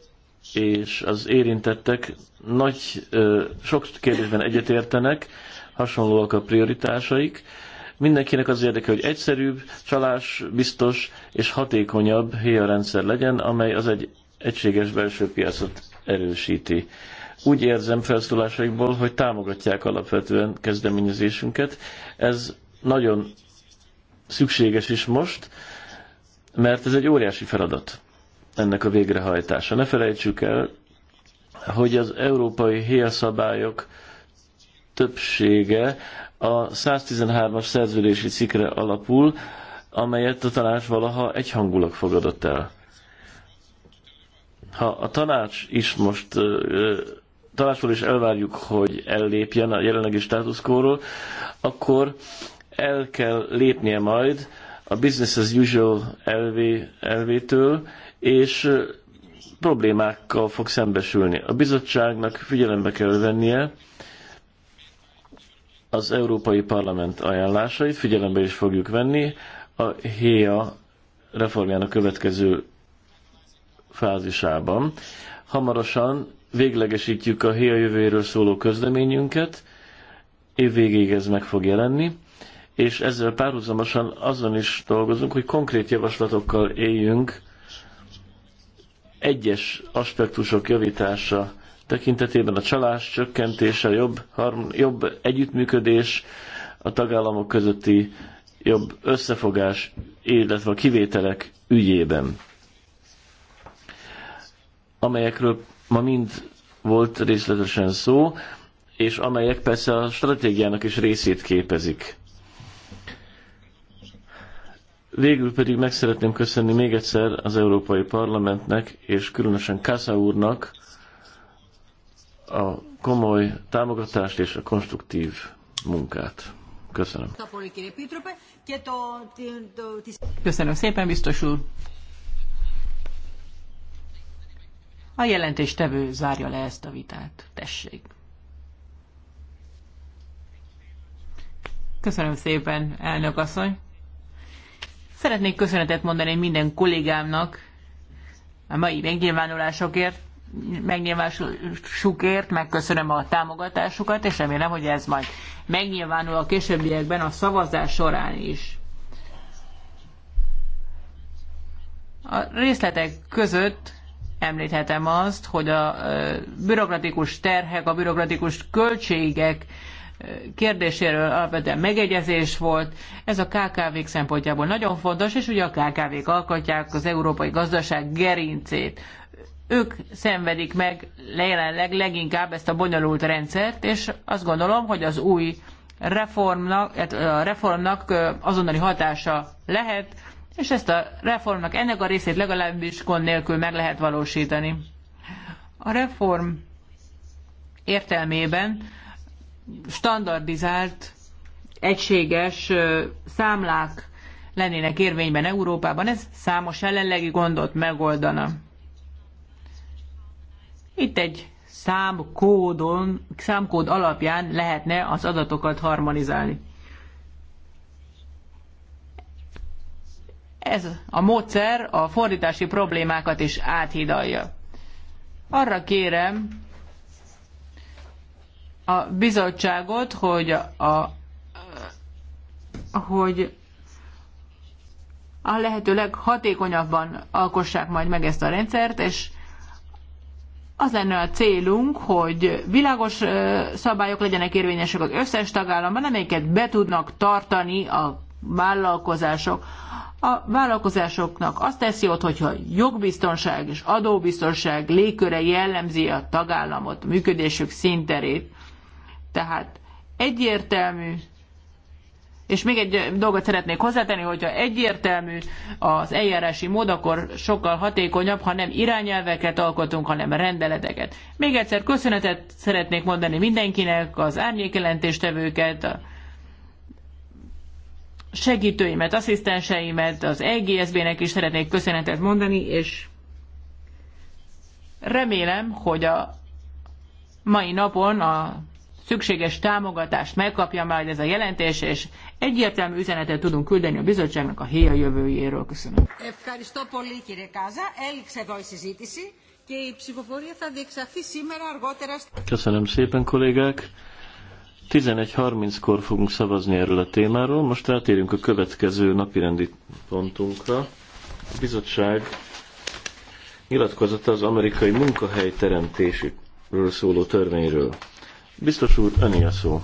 és az érintettek nagy, sok kérdésben egyetértenek, hasonlóak a prioritásaik, Mindenkinek az érdeke, hogy egyszerűbb, csalás, biztos és hatékonyabb héja rendszer legyen, amely az egy egységes belső piacot erősíti. Úgy érzem felszólásaikból, hogy támogatják alapvetően kezdeményezésünket. Ez nagyon szükséges is most, mert ez egy óriási feladat ennek a végrehajtása. Ne felejtsük el, hogy az európai héjaszabályok többsége a 113-as szerződési cikre alapul, amelyet a tanács valaha egyhangulag fogadott el. Ha a tanács is most tanácsról is elvárjuk, hogy ellépjen a jelenlegi státuszkóról, akkor el kell lépnie majd a business as usual elvé, elvétől, és problémákkal fog szembesülni. A bizottságnak figyelembe kell vennie, az Európai Parlament ajánlásait figyelembe is fogjuk venni a HÉA e reformjának következő fázisában. Hamarosan véglegesítjük a HÉA e jövőjéről szóló közleményünket, végéig ez meg fog jelenni, és ezzel párhuzamosan azon is dolgozunk, hogy konkrét javaslatokkal éljünk egyes aspektusok javítása tekintetében a csalás csökkentése, jobb, harm, jobb együttműködés, a tagállamok közötti jobb összefogás, illetve a kivételek ügyében, amelyekről ma mind volt részletesen szó, és amelyek persze a stratégiának is részét képezik. Végül pedig meg szeretném köszönni még egyszer az Európai Parlamentnek, és különösen Kassa úrnak, a komoly támogatást és a konstruktív munkát. Köszönöm. Köszönöm szépen, biztos úr. A jelentéstevő zárja le ezt a vitát. Tessék. Köszönöm szépen, elnök asszony. Szeretnék köszönetet mondani minden kollégámnak a mai megnyilvánulásokért megnyilvánulásukért, megköszönöm a támogatásukat, és remélem, hogy ez majd megnyilvánul a későbbiekben a szavazás során is. A részletek között említhetem azt, hogy a bürokratikus terhek, a bürokratikus költségek kérdéséről alapvetően megegyezés volt. Ez a KKV-k szempontjából nagyon fontos, és ugye a KKV-k alkotják az európai gazdaság gerincét ők szenvedik meg jelenleg leginkább ezt a bonyolult rendszert, és azt gondolom, hogy az új reformnak, hát, a reformnak azonnali hatása lehet, és ezt a reformnak ennek a részét legalábbis gond nélkül meg lehet valósítani. A reform értelmében standardizált, egységes számlák lennének érvényben Európában, ez számos jelenlegi gondot megoldana. Itt egy számkódon, számkód alapján lehetne az adatokat harmonizálni. Ez a módszer a fordítási problémákat is áthidalja. Arra kérem a bizottságot, hogy a, hogy a lehető leghatékonyabban alkossák majd meg ezt a rendszert, és az lenne a célunk, hogy világos szabályok legyenek érvényesek az összes tagállamban, amelyeket be tudnak tartani a vállalkozások. A vállalkozásoknak azt teszi ott, hogyha jogbiztonság és adóbiztonság légköre jellemzi a tagállamot, a működésük szinterét. Tehát egyértelmű és még egy dolgot szeretnék hozzátenni, hogyha egyértelmű az eljárási mód, akkor sokkal hatékonyabb, ha nem irányelveket alkotunk, hanem rendeleteket. Még egyszer köszönetet szeretnék mondani mindenkinek, az árnyékjelentéstevőket, a segítőimet, asszisztenseimet, az EGSB-nek is szeretnék köszönetet mondani, és remélem, hogy a mai napon a szükséges támogatást megkapja majd ez a jelentés, és egyértelmű üzenetet tudunk küldeni a bizottságnak a héja jövőjéről. Köszönöm. Köszönöm szépen, kollégák! 11.30-kor fogunk szavazni erről a témáról. Most rátérünk a következő napirendi pontunkra. A bizottság nyilatkozata az amerikai munkahelyteremtésről szóló törvényről. Biztos úr, öné a szó.